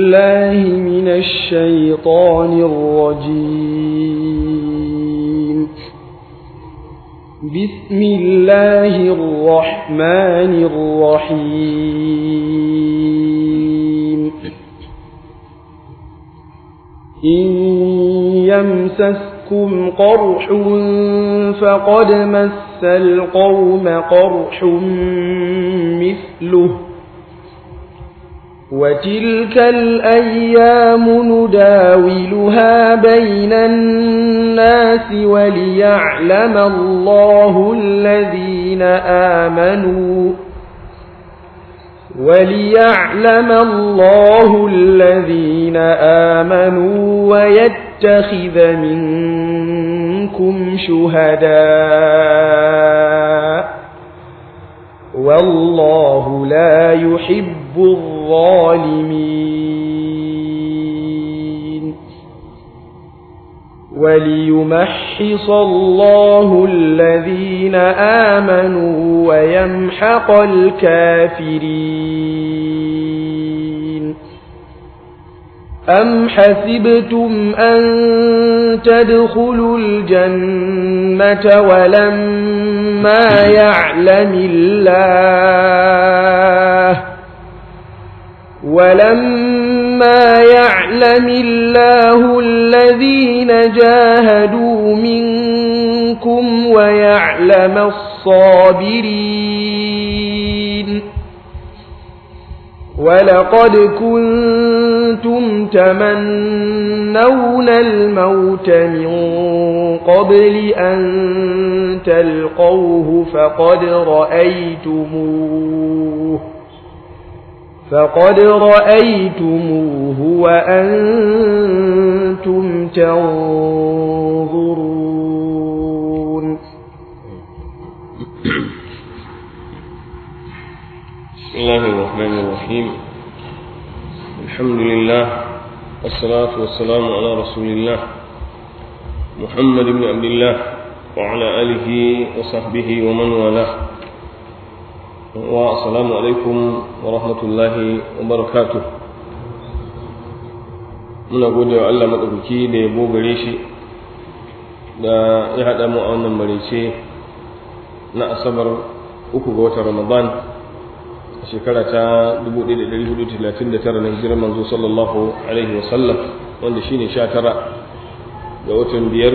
الله من الشيطان الرجيم بسم الله الرحمن الرحيم إن يمسسكم قرح فقد مس القوم قرح مثله وتلك الأيام نداولها بين الناس وليعلم الله الذين آمنوا وليعلم الله الذين آمنوا ويتخذ منكم شهداء والله لا يحب يحب الظالمين وليمحص الله الذين آمنوا ويمحق الكافرين أم حسبتم أن تدخلوا الجنة ولما يعلم الله ولما يعلم الله الذين جاهدوا منكم ويعلم الصابرين ولقد كنتم تمنون الموت من قبل أن تلقوه فقد رأيتموه فقد رأيتموه وأنتم تنظرون بسم الله الرحمن الرحيم الحمد لله والصلاة والسلام على رسول الله محمد بن عبد الله وعلى آله وصحبه ومن والاه alaikum wa rahmatullahi wa وبركاته muna gode wa Allah maɗaukaki da ya gare shi da ya haɗa mu a wannan marice na asabar uku ga watan ramadan a shekara ta 1439 na hijirar manzo sallallahu alaihi wa sallam. wanda shine 19 ga watan biyar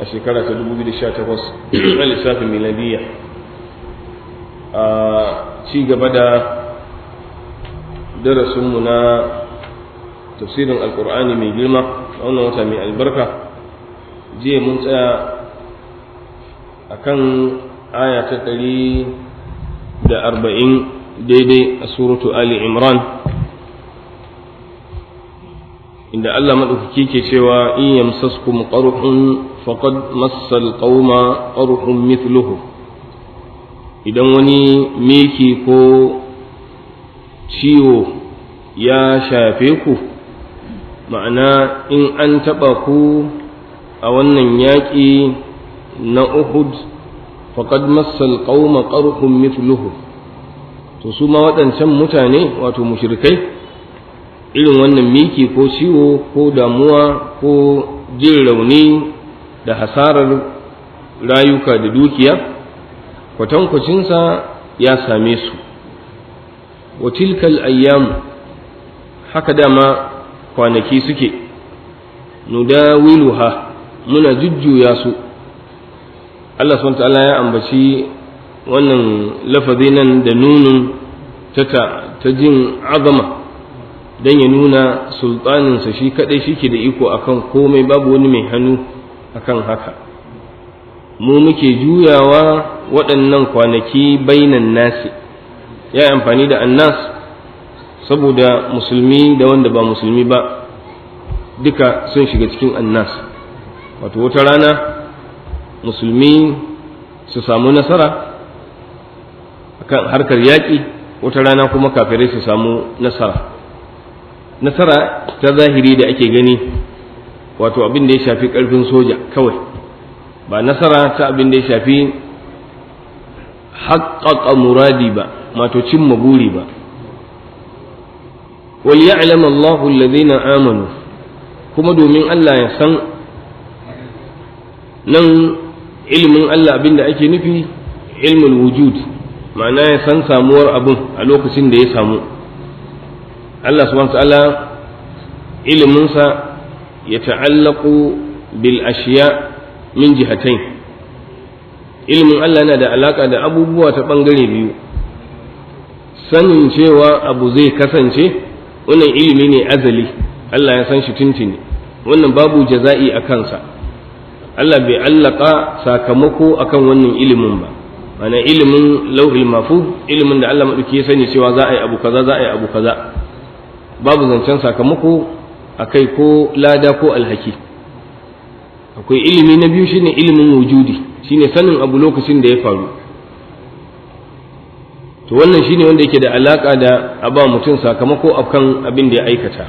a shekara ta 2018 a lissafin miladiyya a ci gaba da darasinmu na tafsirin alkur'ani mai girma a wannan wata mai albarka jiya mun tsaya a kan aya ta ɗari da arba'in daidai a suratu ali imran inda Allah maɗaukaki ke cewa in yamsaskum qarhun faqad massal qauma qarhun mithluhu idan wani miki ko ciwo ya shafe ku ma'ana in an taɓa ku a wannan yaƙi na uhud faƙad massal ƙauma ƙarhun mithluhu to su ma waɗancan mutane wato mushrikai irin wannan miki ko ciwo ko damuwa ko jin rauni da hasarar rayuka da dukiya kwatankwacinsa ya same su wa tilkal ayyam haka dama kwanaki suke nudawiluha muna jujjuya su Allah subhanahu ta'ala ya ambaci wannan lafazi nan da nunun ta ta jin azama dan ya nuna sultaninsa shi kaɗai shike da iko akan komai babu wani mai hannu akan haka mu muke juyawa waɗannan kwanaki bainan nasi ya yi amfani da annas saboda musulmi da wanda ba musulmi ba duka sun shiga cikin annas wato wata rana musulmi su samu nasara kan harkar yaƙi wata rana kuma kafirai su samu nasara nasara ta zahiri da ake gani wato abin da ya shafi ƙarfin soja kawai ba nasara ta abin da ya shafi haƙaƙa muradi ba mato cimma buri ba wal ya'lam Allahu amanu kuma domin Allah ya san nan ilimin Allah abin da ake nufi ilmin wujud ma'ana ya san samuwar abin a lokacin da ya samu Allah subhanahu wa ta'ala iliminsa ya ta'allaku bil ashiya' min jihatain Ilimin Allah yana da alaka da abubuwa ta ɓangare biyu sanin cewa abu zai kasance wannan ilimi ne azali Allah ya san shi tuntuni wannan babu jaza'i a kansa Allah bai allaka sakamako akan wannan ilimin ba mana ilimin lauhul mafu ilimin da Allah maɗauki ya sani cewa za a yi abu kaza za a yi abu kaza babu zancen sakamako a kai ko lada ko alhaki akwai ilimi na biyu shine ilimin wujudi shine sanin abu lokacin da ya faru to wannan shine wanda yake da alaka da aba mutum sakamako akan abin da ya aikata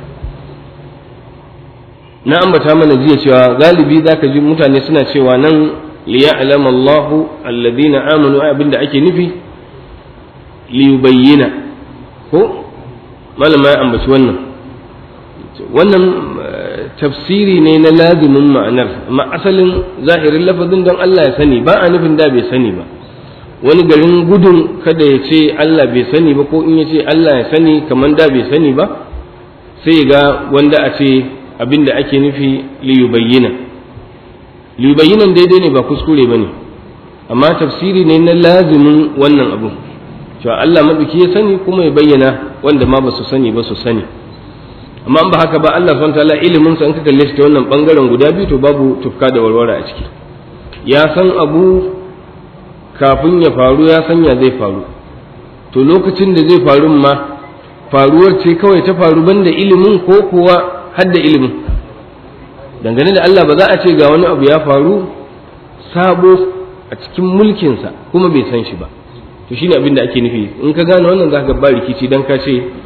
na ambata mana jiya cewa galibi zaka ji mutane suna cewa nan liya'lam Allahu alladhina amanu abinda ake nufi liyubayyina ko malama ya ambaci wannan wannan tafsiri ne na lazimin ma'anar amma asalin zahirin lafazin don Allah ya sani ba a nufin da bai sani ba wani garin gudun kada ya ce Allah bai sani ba ko in ya ce Allah ya sani kamar da bai sani ba sai ga wanda a ce abin da ake nufi liyubayyina liyubayyinan daidai ne ba kuskure ba ne amma tafsiri ne na lazumin wannan abu cewa Allah maɗauki ya sani kuma ya bayyana wanda ma ba su sani ba su sani amma ba haka ba Allah subhanahu wataala ilimin sa in ka kalle shi ta wannan bangaren guda biyu to babu tufka da warwara a ciki ya san abu kafin ya faru ya san ya zai faru to lokacin da zai faru ma faruwar ce kawai ta faru banda ilimin ko kuwa hadda ilimin dangane da Allah ba za a ce ga wani abu ya faru sabo a cikin mulkinsa kuma bai san shi ba to shine abin da ake nufi in ka gane wannan zaka ba rikici dan ka ce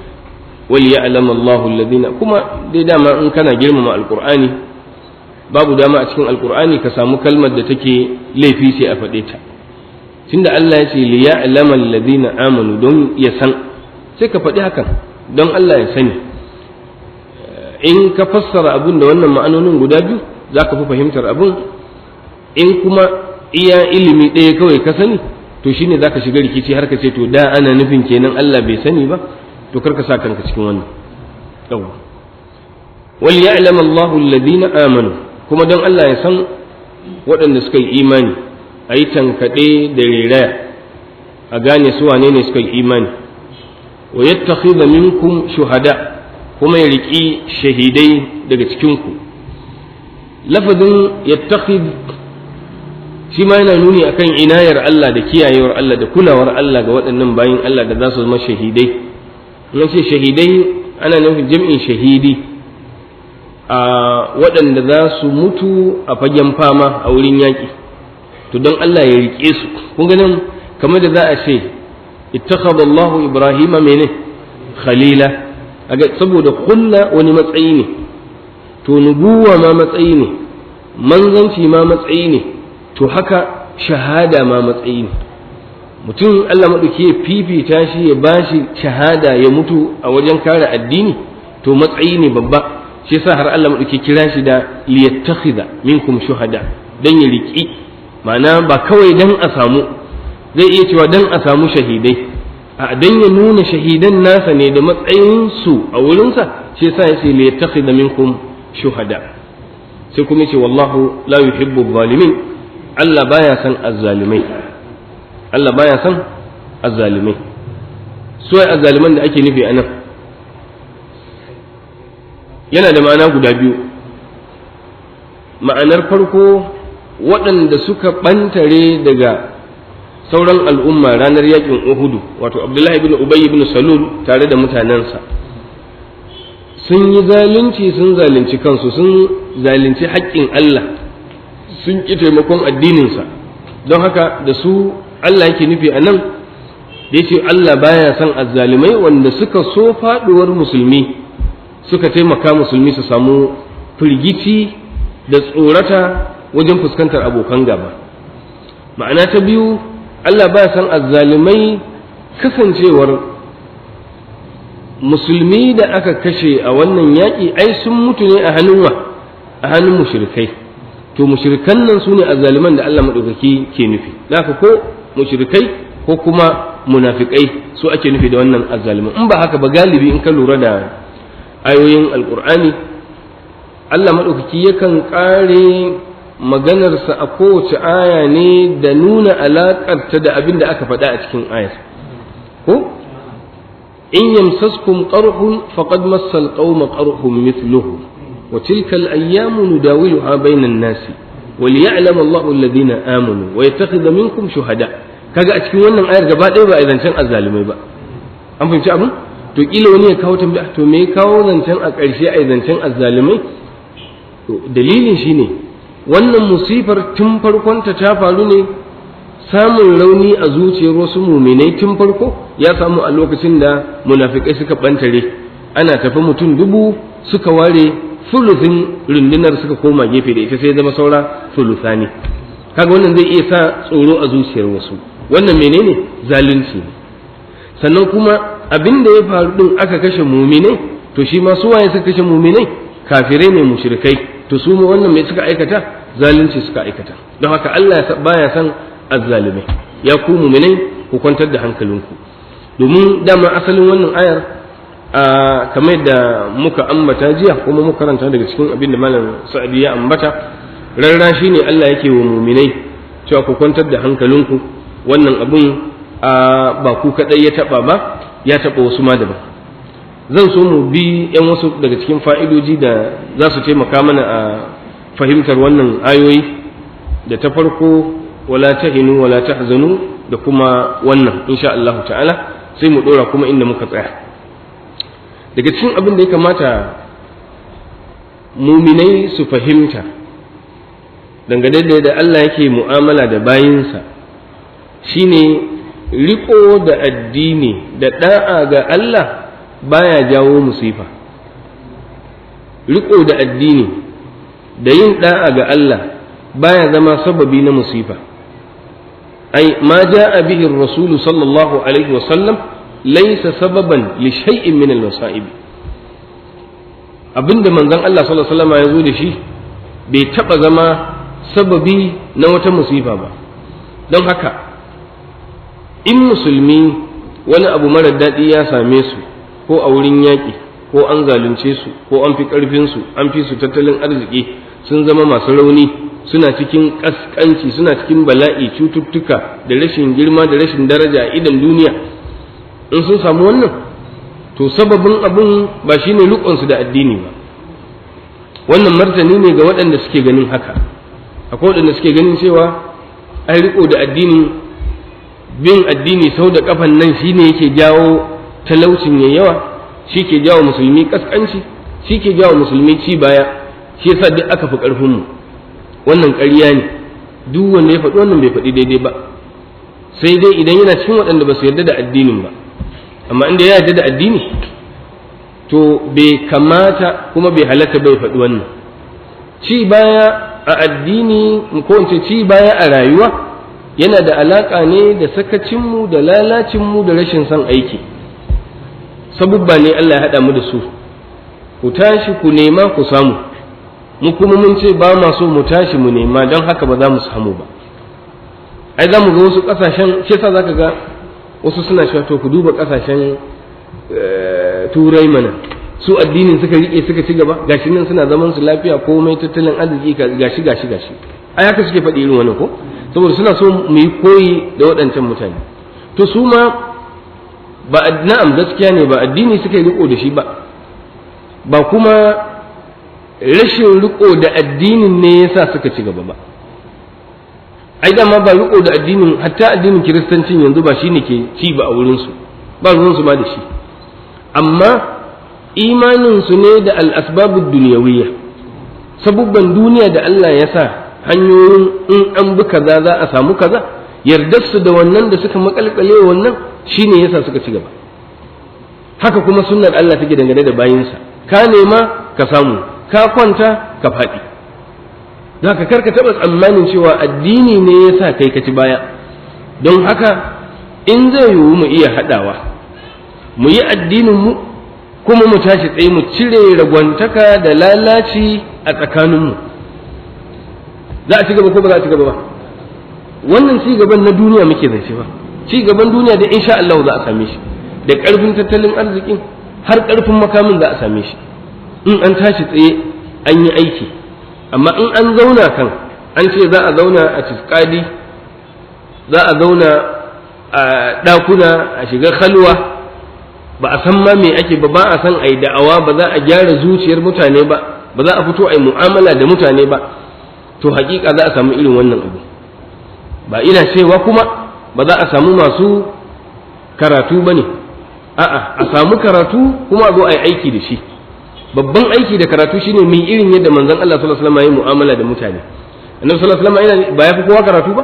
wal ya'lam Allahu alladhina kuma dai dama in kana girmama alqur'ani babu dama a cikin alqur'ani ka samu kalmar da take laifi sai a faɗe ta tunda Allah ya ce li ya'lam alladhina amanu don ya san sai ka faɗi hakan don Allah ya sani eh, in ka fassara abun da wannan ma'anonin guda biyu za ka fahimtar abun in kuma iya ilimi ɗaya kawai ka sani to shine za ka shiga rikici har ka ce to da ana nufin kenan Allah bai sani ba to karka ka sa kanka cikin wannan yawa wal ya'lam Allahu alladhina amanu kuma don Allah ya san waɗanda suka yi imani a yi tankaɗe da riraya a gane su wane ne suka yi imani wa yattakhidha minkum shuhada kuma ya riƙi shahidai daga cikinku lafazin yattakhid shi ma yana nuni akan inayar Allah da kiyayewar Allah da kulawar Allah ga waɗannan bayin Allah da za su zama shahidai ya ce shahidai ana nufin jam'in shahidi a waɗanda za su mutu a fagen fama a wurin yaƙi to don Allah ya riƙe su kun ganin kamar da za a ce ittakhadha Ibrahima mene khalila aga saboda kulla wani matsayi ne to nubuwa ma matsayi ne manzanci ma matsayi ne to haka shahada ma matsayi ne mutum Allah maɗauki ya fifita shi ya bashi shahada ya mutu a wajen kare addini to matsayi ne babba shi yasa har Allah maɗauki kira shi da liyattakhidha minkum shuhada dan ya riki ma'ana ba kawai dan a samu zai iya cewa dan a samu shahidai a dan ya nuna shahidan nasa ne da matsayin su a wurinsa shi yasa ya ce liyattakhidha minkum shuhada sai kuma ce wallahu la yuhibbu zalimin Allah baya san azzalimai Allah baya san azzalimai su ai azzaliman da ake nufi a nan yana da ma'ana guda biyu ma'anar farko waɗanda suka ɓantare daga sauran al'umma ranar yakin Uhudu wato Abdullahi ibn ubayy ibn Salul tare da mutanensa sun yi zalunci sun zalunci kansu sun zalunci haƙƙin Allah sun ƙi taimakon addininsa don haka da su Allah yake nufi a nan da yake Allah baya son azzalumai wanda suka so faɗuwar musulmi suka taimaka musulmi su samu firgici da tsorata wajen fuskantar abokan gaba ma'ana ta biyu Allah baya son azzalumai kasancewar musulmi da aka kashe a wannan yaƙi ai sun mutu ne a hannun wa a hannun mushrikai to mushrikan nan su ne azzaliman da Allah maɗaukaki ke nufi da ko mushrikai ko kuma munafikai su ake nufi da wannan azzalimin in ba haka ba galibi in ka lura da ayoyin alkur'ani Allah maɗaukaki yakan ƙare maganarsa a kowace aya ne da nuna alaƙarta da abin da aka faɗa a cikin ayar ko in yamsaskum qarhun faqad massal qauma qarhun mithluhu wa tilka al-ayyamu nudawiluha bainan nasi wal ya'lamu Allahu alladhina amanu wa yattakhidha shuhada kaga a cikin wannan ayar gaba ɗaya ba a zancen azzalumai ba an fahimci abin to kila wani ya kawo tambaya to me kawo zancen a ƙarshe a zancen azzalumai to dalilin shine wannan musifar tun farkon ta ta faru ne samun rauni a zuciyar wasu muminai tun farko ya samu a lokacin da munafikai suka bantare ana tafi mutum dubu suka ware sulusin rundunar suka koma gefe da ita sai zama saura sulusani kaga wannan zai iya sa tsoro a zuciyar wasu wannan menene zalunci sannan kuma abin da ya faru din aka kashe muminai to shi ma su waye suka kashe muminai kafirai ne mushrikai to su ma wannan mai suka aikata zalunci suka aikata don haka Allah baya san azzalimai ya ku muminai ku kwantar da hankalinku domin dama asalin wannan ayar kamar da muka ambata jiya kuma muka karanta daga cikin abin da malam sa'adi ya ambata rarra shi ne Allah yake wa muminai cewa ku kwantar da hankalinku wannan abin ba ku kadai ya taba ba ya taba wasu ma daban zan so mu bi yan wasu daga cikin fa'idoji da za su taimaka mana a fahimtar wannan ayoyi da ta farko wala tahinu wala tahzanu da kuma wannan insha Allah ta'ala sai mu dora kuma inda muka tsaya daga cikin abin da ya kamata muminai su fahimta dangane da Allah yake mu'amala da bayinsa shine riko da addini da da'a ga Allah baya jawo musifa riko da addini da yin ɗa'a ga Allah baya zama sababi na musifa ai ma ja'a bihi ar-rasul sallallahu alaihi wa sallam laisa sababan li shay'in min al-masa'ib abinda manzon Allah sallallahu alaihi wasallam ya zo da shi bai taba zama sababi na wata musifa ba don haka in musulmi wani abu mara daɗi ya same su ko a wurin yaƙi ko an zalunce su ko an fi su an fi su tattalin arziki sun zama masu rauni suna cikin ƙasƙanci suna cikin bala'i cututtuka da rashin girma da rashin daraja a idan duniya in sun samu wannan to sababin abun ba shi ne lukunsu da addini ba wannan martani ne ga waɗanda suke ganin haka akwai waɗanda suke ganin cewa an riko da addini bin addini sau da ƙafan nan shine yake jawo talaucin ya yawa shi ke jawo musulmi ƙasƙanci, shi ke jawo musulmi ci baya shi yasa duk aka fi ƙarfinmu. wannan ƙarya ne duk wanda ya faɗi wannan bai faɗi daidai ba sai dai idan yana cikin waɗanda ba su yarda da addinin ba amma inda ya da addini to bai kamata kuma bai halatta bai faɗi wannan ci baya a addini ko in ci baya a rayuwa yana da alaƙa ne da sakacinmu da lalacinmu da rashin son aiki sabubba ne Allah ya haɗa mu da su ku tashi ku nema ku samu mu kuma mun ce ba ma so mu tashi mu nema don haka ba za mu samu ba ai za mu ga wasu kasashen shi yasa zaka ga wasu suna cewa to ku duba kasashen eh, turai mana su addinin suka rike suka ci gaba gashi nan suna zaman su lafiya komai tattalin arziki gashi gashi gashi ai haka suke faɗi irin wannan ko saboda suna so mu yi koyi da waɗancan mutane to su ma ba na'am gaskiya ne ba addini suka yi riko da shi ba ba kuma rashin riko da addinin ne yasa suka ci gaba ba ai dama ba riko da addinin hatta addinin kiristancin yanzu ba shine ke ci ba a wurin su ba ruwan su ma da shi amma imanin su ne da al-asbabud dunyawiyya sabubban duniya da Allah ya sa hanyoyin in an bi kaza za a samu kaza yarda su da wannan da suka makalkale wannan shine yasa suka ci gaba haka kuma sunnar Allah take dangane da bayinsa ka nema ka samu ka kwanta ka faɗi zaka karka taba tsammanin cewa addini ne yasa kai ka ci baya don haka in zai yiwu mu iya haɗawa mu yi addinin mu kuma mu tashi tsaye mu cire ragwantaka da lalaci a tsakaninmu za a ci gaba ko ba za a ci gaba ba wannan ci gaban na duniya muke zance ba ci gaban duniya da insha Allah za a same shi da karfin tattalin arzikin har karfin makamin za a same shi in an tashi tsaye an yi aiki amma in an zauna kan an ce za a zauna a tifkali za a zauna a ɗakuna a shiga khalwa ba a san ma me ake ba ba a san a yi da'awa ba za a gyara zuciyar mutane ba ba za a fito a yi mu'amala da mutane ba to hakika za a samu irin wannan abu ba ina cewa kuma ba za a samu masu karatu ba ne a'a a samu karatu kuma a zo a yi aiki da shi babban aiki da karatu shine mai irin yadda manzon Allah sallallahu alaihi wasallam ya mu'amala da mutane annabi sallallahu alaihi wasallam ba ya fi kowa karatu ba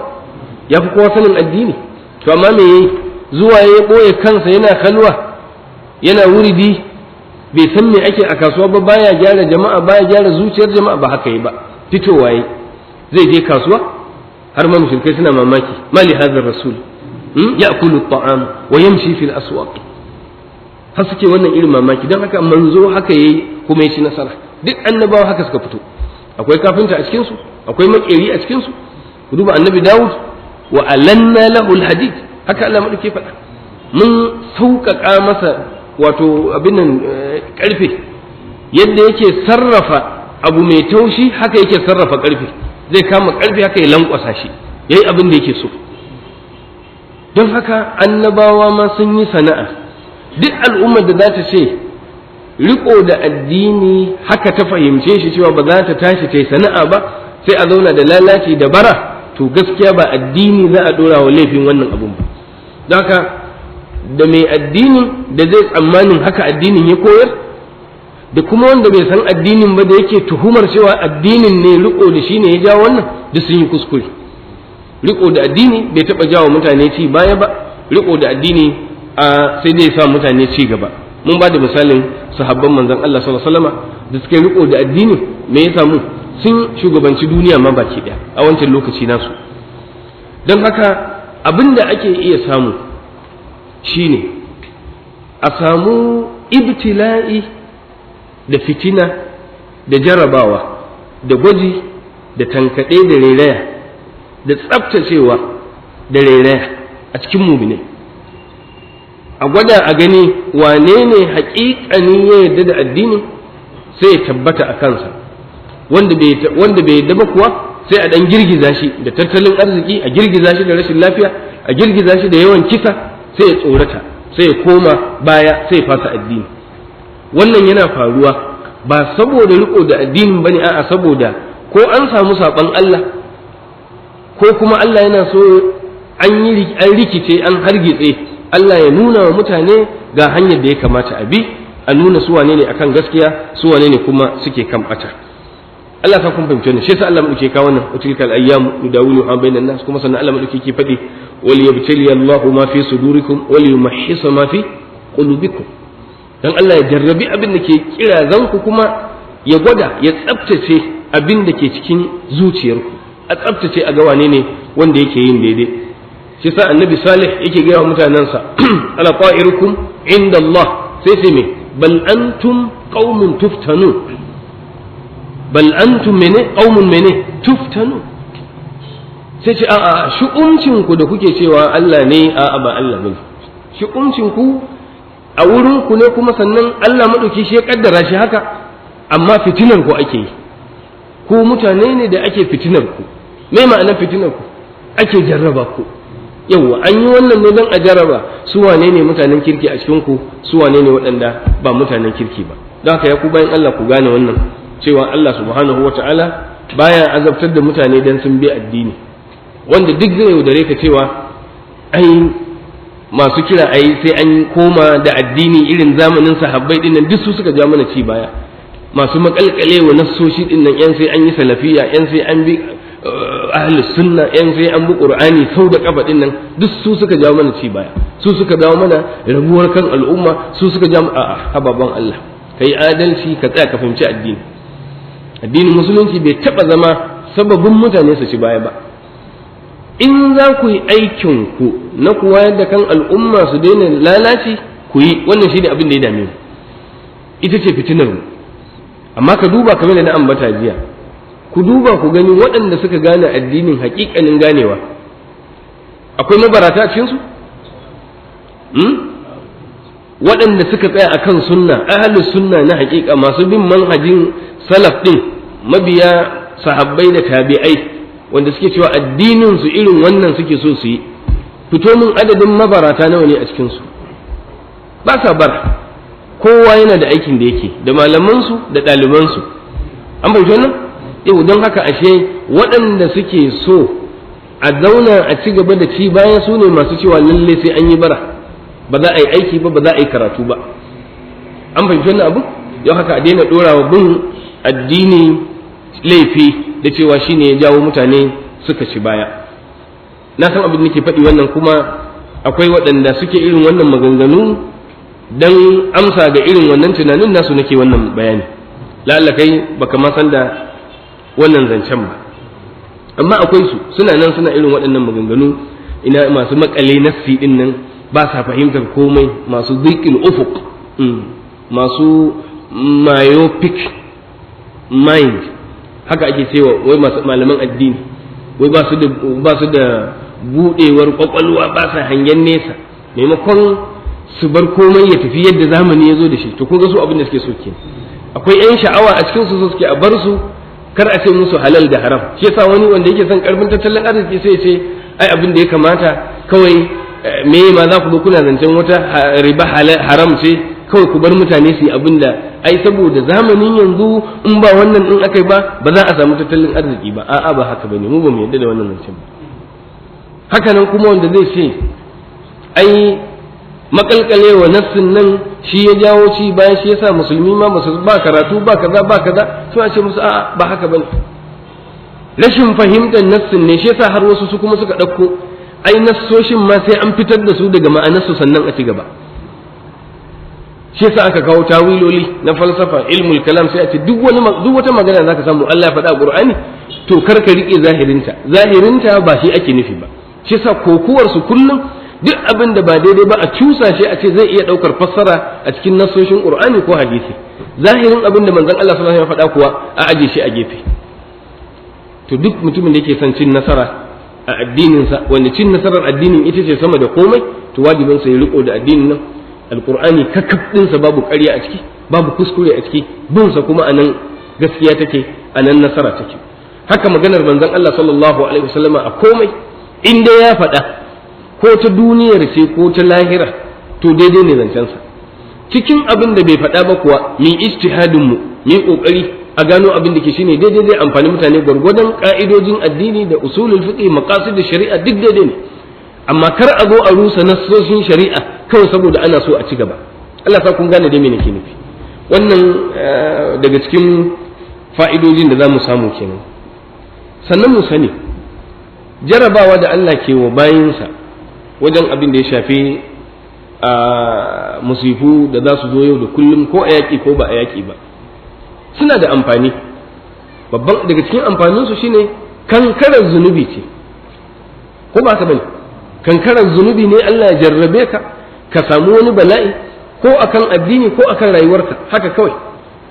ya fi kowa sanin addini to amma me yayi zuwa ya boye kansa yana kalwa yana wuridi bai san me ake a kasuwa ba baya gyara jama'a baya gyara zuciyar jama'a ba haka yi ba fitowa yi zai je kasuwa har ma mushrikai suna mamaki mali hadha rasul hmm? Ya kulu taam wa yamshi fil aswaq har suke wannan irin mamaki don haka manzo haka yayi kuma ya ci nasara duk annabawa haka suka fito akwai kafinta a cikinsu akwai makeri a cikinsu ku duba annabi dawud wa alanna lahu alhadid haka Allah madauke faɗa mun sauƙaƙa masa wato abin nan eh, ƙarfe yadda yake sarrafa abu mai taushi haka yake sarrafa ƙarfe zai kama ƙarfe haka ya lankwasa shi yayi abin da yake so don haka annabawa ma sun yi sana'a duk al'ummar da za ta ce riko da addini haka ta fahimce shi cewa ba za ta tashi ta yi sana'a ba sai a zauna da lalaci da bara to gaskiya ba addini za a dora wa laifin wannan abun ba haka da mai addinin da zai tsammanin haka addinin ya koyar da kuma wanda bai san addinin ba da yake tuhumar cewa addinin ne riko da shi ne ya jawo wannan da sun yi kuskure riko da addini bai taɓa jawo mutane ci baya ba riko da addini sai dai sa mutane ci gaba mun ba da misalin sahabban manzon Allah sallallahu alaihi wasallam da suke riko da addini me ya samu sun shugabanci duniya ma baki daya a wancan lokaci nasu don haka abin da ake iya samu shine a samu ibtila'i da fitina da jarabawa da gwaji da tankaɗe da rairaya da tsaftacewa da rairaya a cikin mumine a gwada a gani wane ne haƙiƙani ya yarda da addini sai ya tabbata a kansa wanda bai daba yarda ba kuwa sai a ɗan girgiza shi da tattalin arziki a girgiza shi da rashin lafiya a girgiza shi da yawan kisa sai ya tsorata sai ya koma baya sai ya fasa addini wannan yana faruwa ba saboda riko da addinin ba ne. a'a saboda ko an samu saban Allah ko kuma Allah yana so an rikice an hargitse Allah ya nuna wa mutane ga hanyar da ya kamata a bi a nuna su wane ne akan gaskiya su wane ne kuma suke kan bata Allah ka kun fahimci wannan shi yasa Allah muke kawo wannan utilkal ayyam nudawulu ha bainan nas kuma sannan Allah muke ke fadi wal yabtali Allah ma fi sudurikum wal yumahhisa ma fi qulubikum dan Allah ya jarrabi abin da ke kira zanku kuma ya gwada ya tsaftace abin da ke cikin zuciyarku a tsaftace a ga wane ne wanda yake yin daidai shi sa annabi salih yake gaya wa mutanensa ala qa'irukum inda Allah sai sai me bal antum qaumun tuftanu bal antum mene qaumun mene tuftanu sai ce a'a umcin ku da kuke cewa Allah ne a'a ba Allah shi umcin ku a wurin ku ne kuma sannan Allah madauki shi ya kaddara shi haka amma fitinar ku ake yi ku mutane ne da ake fitinar ku me ma'anar fitinar ku ake jarraba ku Yau, an yi wannan ne don a jarraba, su wane ne mutanen kirki a cikin ku su wane ne waɗanda ba mutanen kirki ba don haka ya ku bayan Allah ku gane wannan cewa Allah subhanahu wa ta'ala baya azabtar da mutane dan sun bi addini wanda duk zai yaudare ka cewa ai masu kira ai sai an koma da addini irin zamanin sahabbai dinnan duk su suka ja mana ci baya masu makalkalewa nassoshi dinnan yan sai an yi salafiya yan sai an bi ahli sunna yan sai an bi qur'ani sau da kafa din nan duk su suka jawo mana ci baya su suka jawo mana rabuwar kan al'umma su suka jawo a'a ababan Allah kai adalci ka tsaya ka fahimci addini addinin musulunci bai taba zama sababin mutane su ci baya ba in za ku yi aikin ku na ku wayar da kan al'umma su daina lalaci ku yi wannan shine abin da ya dame mu ita ce fitinar mu amma ka duba kamar da na ambata jiya ku duba ku gani waɗanda suka gane addinin haƙiƙanin ganewa akwai mabarata a cikinsu hmm? waɗanda suka tsaya a kan sunna ahalus sunna na haƙiƙa masu bin manhajin salaf ɗin mabiya sahabbai da tabi'ai wanda suke cewa addinin su irin wannan suke so su yi fito min adadin mabarata nawa ne a cikinsu ba sa bar kowa yana da aikin da yake da malamansu da ɗalibansu an bauta wannan yau don haka ashe waɗanda suke so a zauna a ci gaba da ci bayan su ne masu cewa lalle sai an yi bara ba za a yi aiki ba ba za a yi karatu ba an fahimci wannan abu yau haka a daina dora wa bin addini laifi da cewa shine ya jawo mutane suka ci baya na san abin nake faɗi wannan kuma akwai waɗanda suke irin wannan maganganu dan amsa ga irin wannan tunanin nasu nake wannan bayani la'alla kai baka ma san da wannan zancen ba amma akwai su suna nan suna irin waɗannan maganganu ina masu makale nassi din nan ba sa fahimtar komai masu zikin ufuk mm, masu myopic mind haka ake cewa wai masu malaman addini wai ba su da buɗewar ƙwaƙwalwa da ba sa hangen nesa maimakon su bar komai ya tafi yadda zamani ya zo da shi to kun ga su abin da suke so ke akwai yan sha'awa a cikin su suke a bar su kar a ce musu halal da haram shi yasa wani wanda yake son karfin tattalin arziki sai ce ai abin da ya kamata kawai eh, me ma za ku kuna zancen wata riba haram ce kawai ku bar mutane su yi abin da ai saboda zamanin yanzu in ba wannan in akai ba ba za a samu tattalin arziki ba a'a ba haka bane mu ba mu yadda da wannan zancen ba haka nan kuma wanda zai ce ai Makalkale wa nafsin nan shi ya jawo ci bayan shi yasa musulmi ma musulmi ba karatu ba kaza ba kaza to a ce musu a'a ba haka bane rashin fahimtar nafsin ne shi yasa har wasu su kuma suka ɗauko ai nassoshin ma sai an fitar da su daga su sannan a ci gaba shi yasa aka kawo tawiloli na falsafa ilmul kalam sai a ce duk wani duk wata magana zaka samu Allah ya faɗa Qur'ani to kar ka rike zahirinta zahirinta ba shi ake nufi ba shi yasa kokuwar su kullum duk abin da ba daidai ba a cusa shi a ce zai iya ɗaukar fassara a cikin nasoshin ƙur'ani ko hadisi zahirin abin da manzon Allah sallallahu alaihi faɗa kuwa a aje shi a gefe to duk mutumin da yake son cin nasara a addininsa wanda cin nasarar addinin ita ce sama da komai to wajibin sa ya riko da addinin nan alqur'ani kakaf sa babu ƙarya a ciki babu kuskure a ciki bin sa kuma anan gaskiya take anan nasara take haka maganar manzon Allah sallallahu alaihi a komai in dai ya faɗa ko ta duniyar ce ko ta lahira to daidai ne zancensa cikin abin da bai faɗa ba kuwa min ijtihadin mu min kokari a gano abin da ke shine daidai zai amfani mutane gwargwadon ka'idojin addini da usulul fiqh maqasid da shari'a duk daidai ne amma kar a zo a rusa nassoshin shari'a kawai saboda ana so a ci gaba Allah sa kun gane dai me nake nufi wannan eh, daga cikin fa'idojin da zamu samu kenan sannan mu sani jarabawa da Allah ke wa bayinsa wajen abin da ya shafi a musifu da za su zo yau da kullum ko a yaƙi ko ba a yaƙi ba suna da amfani babban daga cikin amfaninsu shine kankarar zunubi ce ko ba ka bane kankarar zunubi ne Allah ya jarrabe ka ka samu wani bala'i ko akan addini ko akan rayuwarka haka kawai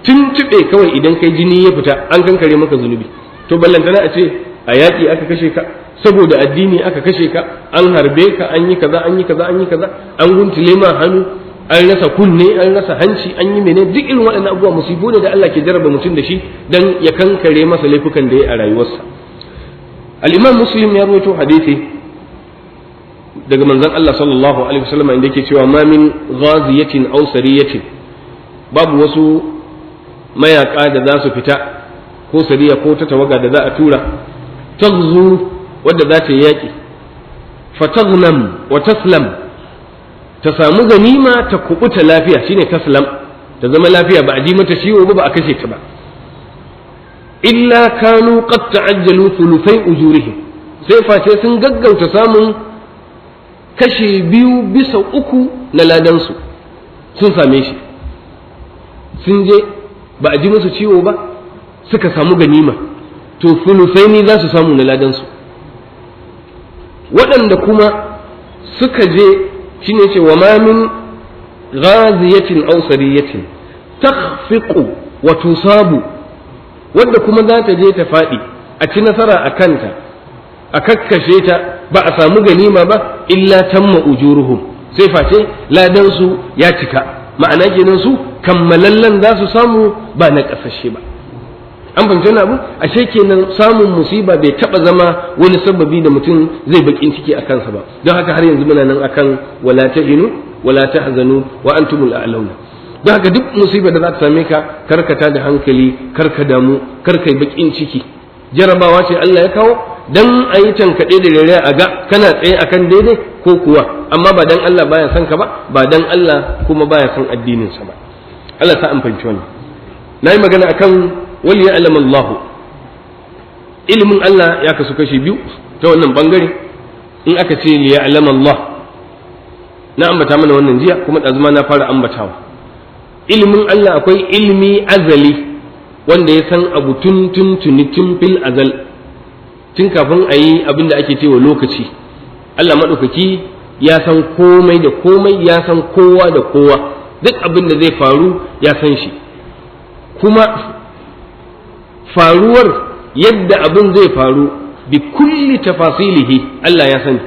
tuntuɓe kawai idan kai jini ya fita an kankare maka zunubi to ballantana a ce a yaƙi aka kashe ka saboda addini aka kashe ka an harbe ka an yi kaza an yi kaza an yi kaza an guntule ma hannu an rasa kunne an rasa hanci an yi mene duk irin waɗannan abubuwa musibu ne da Allah ke jarraba mutum da shi dan ya kankare masa laifukan da ya a rayuwarsa al-Imam Muslim ya rawaito hadisi daga manzon Allah sallallahu alaihi wasallam inda yake cewa ma min ghaziyatin aw sariyatin babu wasu mayaka da za su fita ko sariya ko ta tawaga da za a tura tagzu Wanda za ta yi yaƙi fataghnam wa taslam ta samu ganima ta kubuta lafiya shine taslam ta zama lafiya ba a ji mata ciwo ba ba a kashe ta ba illa kanu qad ta'ajjalu thuluthai ujurihim sai face sun gaggauta samun kashe biyu bisa uku na ladansu sun same shi sun je ba a ji musu ciwo ba suka samu ganima to thuluthai ne za su samu na ladansu waɗanda kuma suka je shine ce wa ma min ghaziyatin aw sariyatin takhfiqu wa tusabu wadda kuma za ta je ta faɗi a ci nasara a kanta a kakkashe ta ba a samu ganima ba illa tamma ujuruhum sai face ladan su ya cika ma'ana kenan su kammalallen za su samu ba na ƙasashe ba an fahimci wani abu ashe kenan samun musiba bai taba zama wani sababi da mutum zai bakin ciki a kansa ba don haka har yanzu muna nan akan wala inu wala hazanu wa antumul a'launa don haka duk musiba da za ta same ka karkata da hankali karka damu karkai bakin ciki jarabawa ce Allah ya kawo dan ayi yi kaɗe da rere a ga kana tsaye akan daidai ko kuwa amma ba dan Allah baya son ka ba ba dan Allah kuma baya son addinin sa ba Allah sa an fahimci wannan na yi magana akan wal ya'lam Allah ilimin Allah ya kasu kashi biyu ta wannan bangare in aka ce li ya'lam Allah na ambata mana wannan jiya kuma ɗazuma na fara ambatawa ilimin Allah akwai ilimi azali wanda ya san abu tun tun tun tun fil azal tun kafin a yi abin da ake cewa lokaci Allah maɗaukaki ya san komai da komai ya san kowa da kowa duk abin da zai faru ya san shi kuma faruwar yadda abin zai faru bi kulli tafasilihi Allah ya sani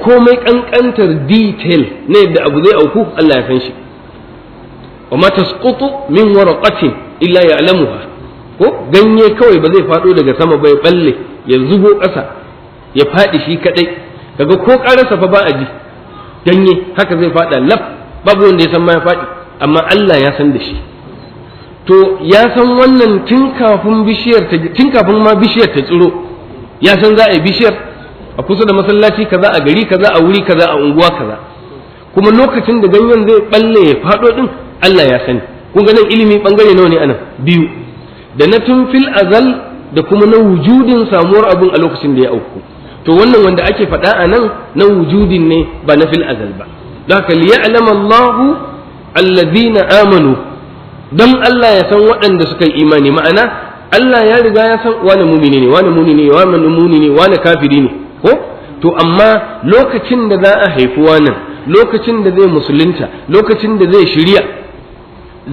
komai kankantar detail na yadda abu zai auku Allah ya san shi wa ma tasqutu min waraqatin illa ya'lamuha ko ganye kawai ba zai fado daga sama ba ya balle ya zubo ƙasa ya faɗi shi kadai kaga ko karasa fa ba a ji ganye haka zai faɗa laf babu wanda ya san ma ya faɗi amma Allah ya san da shi to ya san wannan tun kafin bishiyar ta tun kafin ma bishiyar ta tsiro ya san za a yi bishiyar a kusa da masallaci kaza a gari kaza a wuri kaza a unguwa kaza kuma lokacin da ganyen zai balle ya faɗo din Allah ya sani kun ga nan ilimi bangare nawa ne anan biyu da na tun fil azal da kuma na wujudin samuwar abun a lokacin da ya auku to wannan wanda ake faɗa a nan na wujudin ne ba na fil azal ba da haka liya'lama Allahu alladhina amanu don Allah ya san waɗanda suka yi imani ma'ana Allah ya riga ya san wani mumini ne wani mumini ne wani mumini ne wani kafiri ne ko to amma lokacin da za a haifi wannan lokacin da zai musulunta lokacin da zai shirya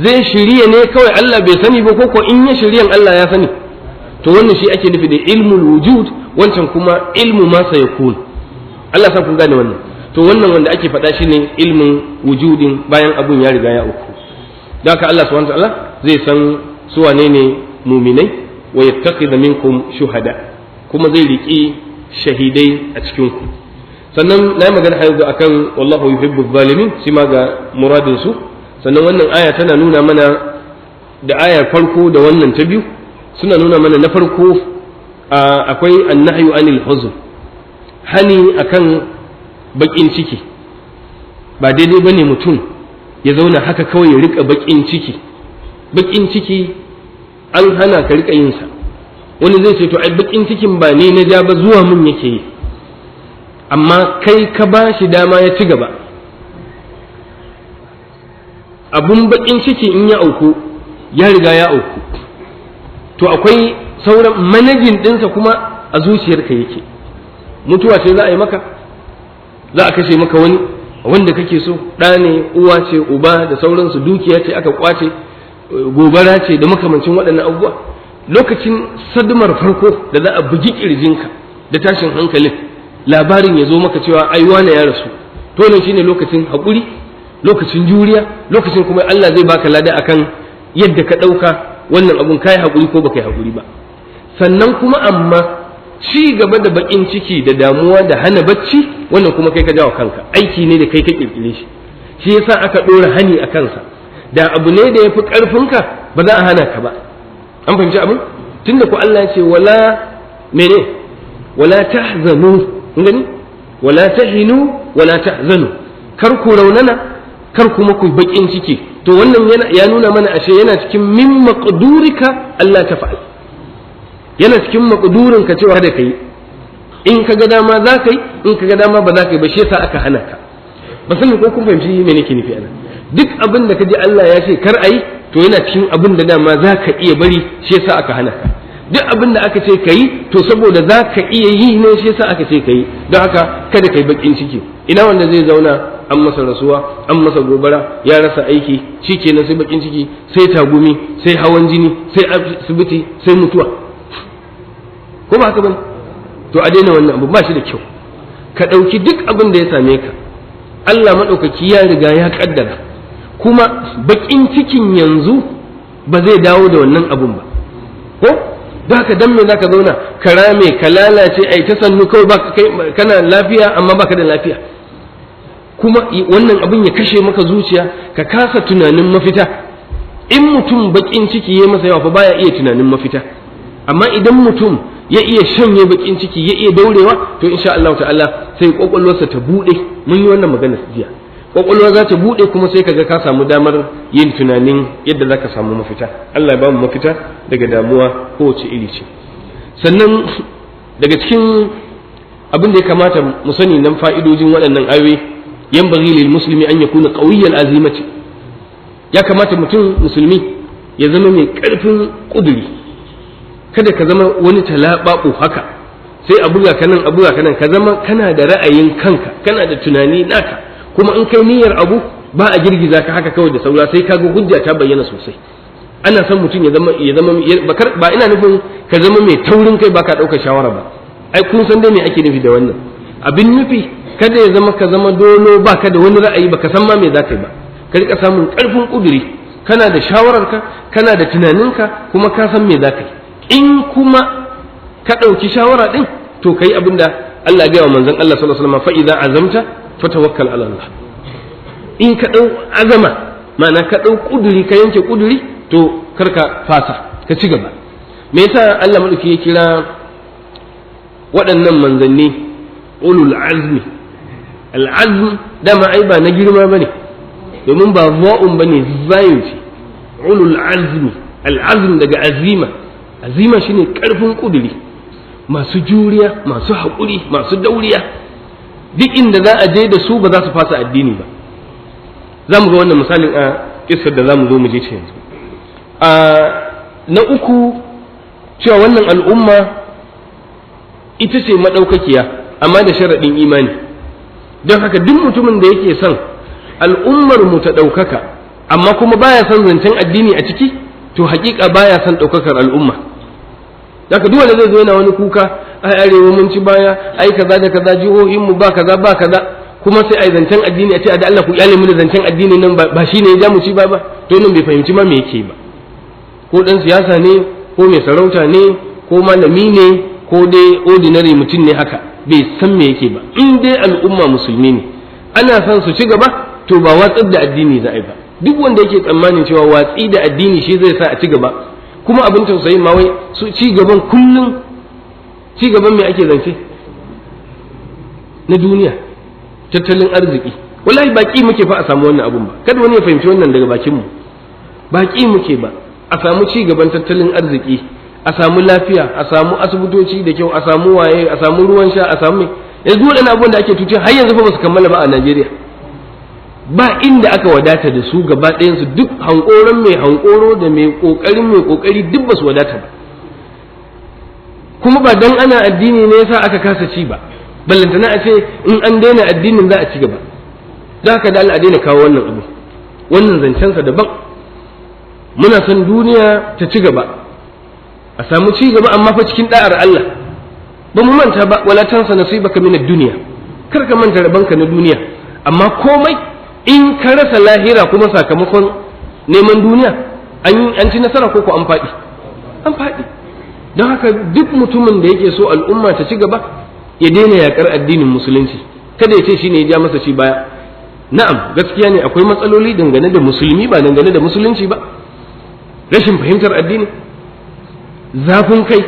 zai shirya ne kawai Allah bai sani ba ko ko in ya shiryan Allah ya sani to wannan shi ake nufi da ilmul wujud wancan kuma ilmu ma sayakun Allah sa ku gane wannan to wannan wanda ake faɗa shi ne ilmin wujudin bayan abun ya riga ya uku da ka Allah subhanahu wataala zai san su wane ne muminai wa yattakhidha minkum shuhada kuma zai riki shahidai a cikin ku sannan na yi magana yanzu akan wallahu yuhibbu zalimin shi ma ga muradin su sannan wannan aya tana nuna mana da ayar farko da wannan ta biyu suna nuna mana na farko akwai annahyu anil huzn hani akan bakin ciki ba daidai bane mutum ya zauna haka kawai ya rika bakin ciki bakin ciki an hana ka rika yin sa wani zai ce to ai bakin cikin ba ne na ja ba zuwa mun yake yi amma kai ka ba shi dama ya ci gaba abun bakin ciki in ya auku ya riga ya auku to akwai sauran manajin ɗinsa kuma a zuciyarka yake mutuwa ce za a yi maka za a kashe maka wani wanda kake so ɗa ne uwa ce uba da sauransu dukiya ce aka kwace gobara ce da makamancin waɗannan abubuwa lokacin sadmar farko da za a bugi ƙirjinka da tashin hankalin labarin ya zo maka cewa ai wane ya rasu to ne shine lokacin haƙuri lokacin juriya lokacin kuma Allah zai baka lada a kan yadda ka ɗauka wannan abun kai haƙuri ko baka yi haƙuri ba sannan kuma amma ci gaba da baƙin ciki da damuwa da hana bacci wannan kuma kai ka jawo kanka aiki ne da kai ka kirkire shi shi yasa aka dora hani a kansa da abu ne da yafi karfinka ba za a hana ka ba an fahimci abin tunda ku Allah ya ce wala mene wala tahzanu gani wala tahinu wala tahzanu kar ku raunana kar kuma ku bakin ciki to wannan ya nuna mana ashe yana cikin min maqdurika Allah ta fa'al yana cikin maqdurinka cewa da kai in ka ga dama za ka yi in ka ga dama ba za ka yi ba shi yasa aka hana ka ba sani ko kun fahimci me nake nufi anan duk abin da ka ji Allah ya ce kar a yi to yana cikin abin da dama za ka iya bari shi yasa aka hana ka duk abin da aka ce ka yi to saboda za ka iya yi ne shi yasa aka ce ka yi don haka kada ka yi bakin ciki ina wanda zai zauna an masa rasuwa an masa gobara ya rasa aiki shi kenan sai bakin ciki sai tagumi sai hawan jini sai asibiti sai mutuwa ko ba haka bane to a daina wannan abu ba shi da kyau ka ɗauki duk abin da ya same ka Allah maɗaukaki ya riga ya ƙaddara kuma baƙin cikin yanzu ba zai dawo da wannan abun ba ko da ka dan me zaka zauna ka rame ka lalace ai ta sannu kawai ba kana lafiya amma baka da lafiya kuma wannan abun ya kashe maka zuciya ka kasa tunanin mafita in mutum baƙin ciki ya masa yawa fa baya iya tunanin mafita amma idan mutum ya iya shanye bakin ciki ya iya daurewa to insha Allah ta'ala sai kwakwalwarsa ta bude mun yi wannan magana jiya kwakwalwa za ta bude kuma sai kaga ka samu damar yin tunanin yadda za ka samu mafita Allah ya bamu mafita daga damuwa kowace iri ce sannan daga cikin abin da ya kamata mu sani nan fa'idojin waɗannan ayoyi yan bari lil muslimi an yakuna qawiyyan azimati ya kamata mutum musulmi ya zama mai ƙarfin ƙuduri kada ka zama wani talababu haka sai a buga kanan a buga kanan ka zama kana da ra'ayin kanka kana da tunani naka kuma in kai niyyar abu ba a girgiza ka haka kawai da saura sai ka ga hujja ta bayyana sosai ana son mutum ya zama ya zama ba ina nufin ka zama mai taurin kai ba ka ɗaukar shawara ba ai kun san dai me ake nufi da wannan abin nufi kada ya zama ka zama dolo ba ka da wani ra'ayi ba ka san ma me za ka yi ba ka rika samun ƙarfin ƙuduri kana da shawararka kana da tunaninka kuma ka san me za ka yi in kuma ka ɗauki shawara ɗin to ka yi abin da Allah ya gaya wa manzon Allah sallallahu alaihi wasallam fa azamta fatawakkal ala Allah in ka ɗau azama ma'ana ka ɗau kuduri ka yanke kuduri to kar ka fasa ka ci gaba me yasa Allah madauki ya kira waɗannan manzanni ulul azmi al'azm dama ai ba na girma bane domin ba va'un bane zayin ulul azmi al'azm daga azima azima shine karfin kuduri masu juriya masu haƙuri masu dauriya duk inda za a je da su ba za su fasa addini ba za mu ga wannan misalin a kisar da za mu zo mu je ce yanzu na uku cewa wannan al'umma ita ce maɗaukakiya amma da sharaɗin imani don haka duk mutumin da yake son al'ummar mu ta ɗaukaka amma kuma baya son zancen addini a ciki to haƙiƙa baya son ɗaukakar al'umma daga duk wanda zai zo yana wani kuka ai arewa mun ci baya ai kaza da kaza jihohin mu ba kaza ba kaza kuma sai ai zancen addini a ce da Allah ku iyale mu da zancen addini nan ba shine ya ja mu ci ba ba to nan bai fahimci ma me yake ba ko dan siyasa ne ko mai sarauta ne ko malami ne ko dai ordinary mutum ne haka bai san me yake ba in dai al'umma musulmi ne ana son su ci gaba to ba watsar da addini za yi ba duk wanda yake tsammanin cewa watsi da addini shi zai sa a ci gaba kuma abin tausayin ma wai su ci gaban kullum ci gaban me ake zance na duniya tattalin arziki wallahi baki muke fa a samu wannan abun ba kada wani ya fahimci wannan daga bakin mu baki muke ba a samu ci gaban tattalin arziki a samu lafiya a samu asibitoci da kyau a samu waye a samu ruwan sha a samu yanzu waɗannan abubuwan da ake tuce har yanzu fa ba su kammala ba a Najeriya ba inda aka wadata da su gaba ɗayansu duk hankoron mai hankoro da mai ƙoƙarin mai ƙoƙari duk ba su wadata ba kuma ba don ana addini ne yasa aka kasa ci ba ballantana a ce in an daina addinin za a ci gaba da haka da al'adai na daina kawo wannan abu wannan zancensa daban muna son duniya ta ci gaba a samu ci gaba amma fa cikin da'ar Allah ba mu manta ba wala tansa nasibaka min ad-dunya kar ka manta rabanka na duniya amma komai in ka rasa lahira kuma sakamakon neman duniya an ci nasara ko ko an faɗi an faɗi don haka duk mutumin da yake so al'umma ta ci gaba ya daina yakar addinin musulunci kada ya ce shine ya ja masa ci baya na'am gaskiya ne akwai matsaloli dangane da musulmi ba dangane da musulunci ba rashin fahimtar addini zafin kai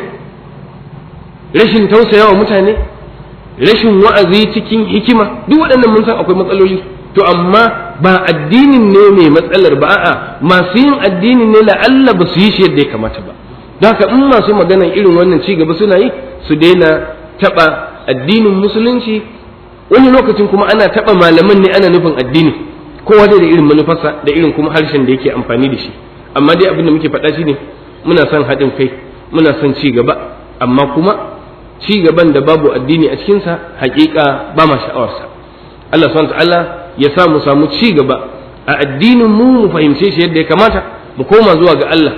rashin tausayawa mutane rashin wa'azi cikin hikima duk waɗannan mun san akwai matsaloli to amma ba addinin ne mai matsalar ba a'a masu yin addinin ne la'alla ba su yi shi yadda ya kamata ba don haka in masu magana irin wannan ci gaba suna yi su daina taɓa addinin musulunci wani lokacin kuma ana taba malaman ne ana nufin addini kowa da irin manufarsa da irin kuma harshen da yake amfani da shi amma dai abin da muke faɗa shi ne muna son haɗin kai muna son ci gaba amma kuma ci gaban da babu addini a cikinsa hakika ba ma sha'awarsa Allah subhanahu wa ta'ala ya sa mu samu ci gaba a addinin mu mu fahimce shi yadda ya kamata mu koma zuwa ga Allah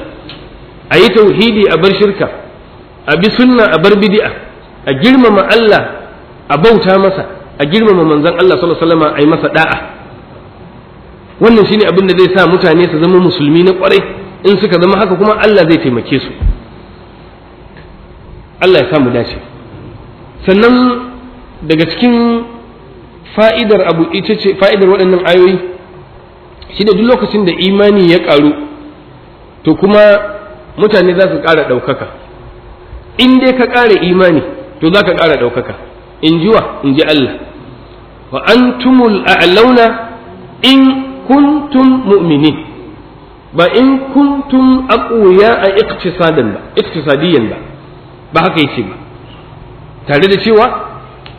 a yi tauhidi a bar shirka a bi sunna a bar bid'a a girmama Allah a bauta masa a girmama manzon Allah sallallahu alaihi wasallam a yi masa da'a wannan shine abin da zai sa mutane su zama musulmi na kwarai in suka zama haka kuma Allah zai taimake su Allah ya samu dace sannan daga cikin fa'idar abu ita ce fa'idar waɗannan ayoyi shi da duk lokacin da imani ya ƙaru to kuma mutane za su ƙara ɗaukaka in dai ka ƙara imani to za ka ƙara ɗaukaka in jiwa in ji Allah wa a launa in kuntum mu'minin ba in kuntum aƙuya a iktisadiyan ba iqtisadiyan ba ba haka yake ba tare da cewa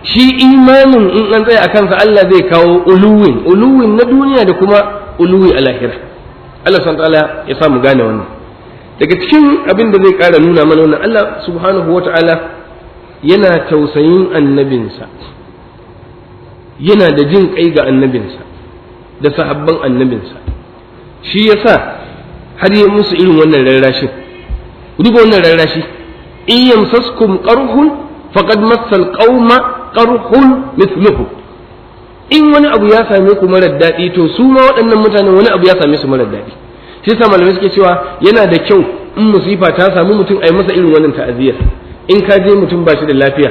shi imanin in an tsaya a kansa Allah zai kawo uluwin uluwin na duniya da kuma uluwi a lahira Allah subhanahu ta'ala ya samu gane wannan daga cikin abin da zai ƙara nuna mana wannan Allah subhanahu ta'ala yana tausayin annabinsa yana da jin kai ga annabinsa da sahabban annabinsa shi yasa har yi musu irin wannan rarrashin duba wannan rarrashi in yamsaskum qarhun faqad massal qauma qarhun mithluhu in wani abu ya same ku marar daɗi to su ma waɗannan mutanen wani abu ya same su mara daɗi shi yasa malamai suke cewa yana da kyau in musifa ta samu mutum a yi masa irin wannan ta'aziyar in ka je mutum ba shi da lafiya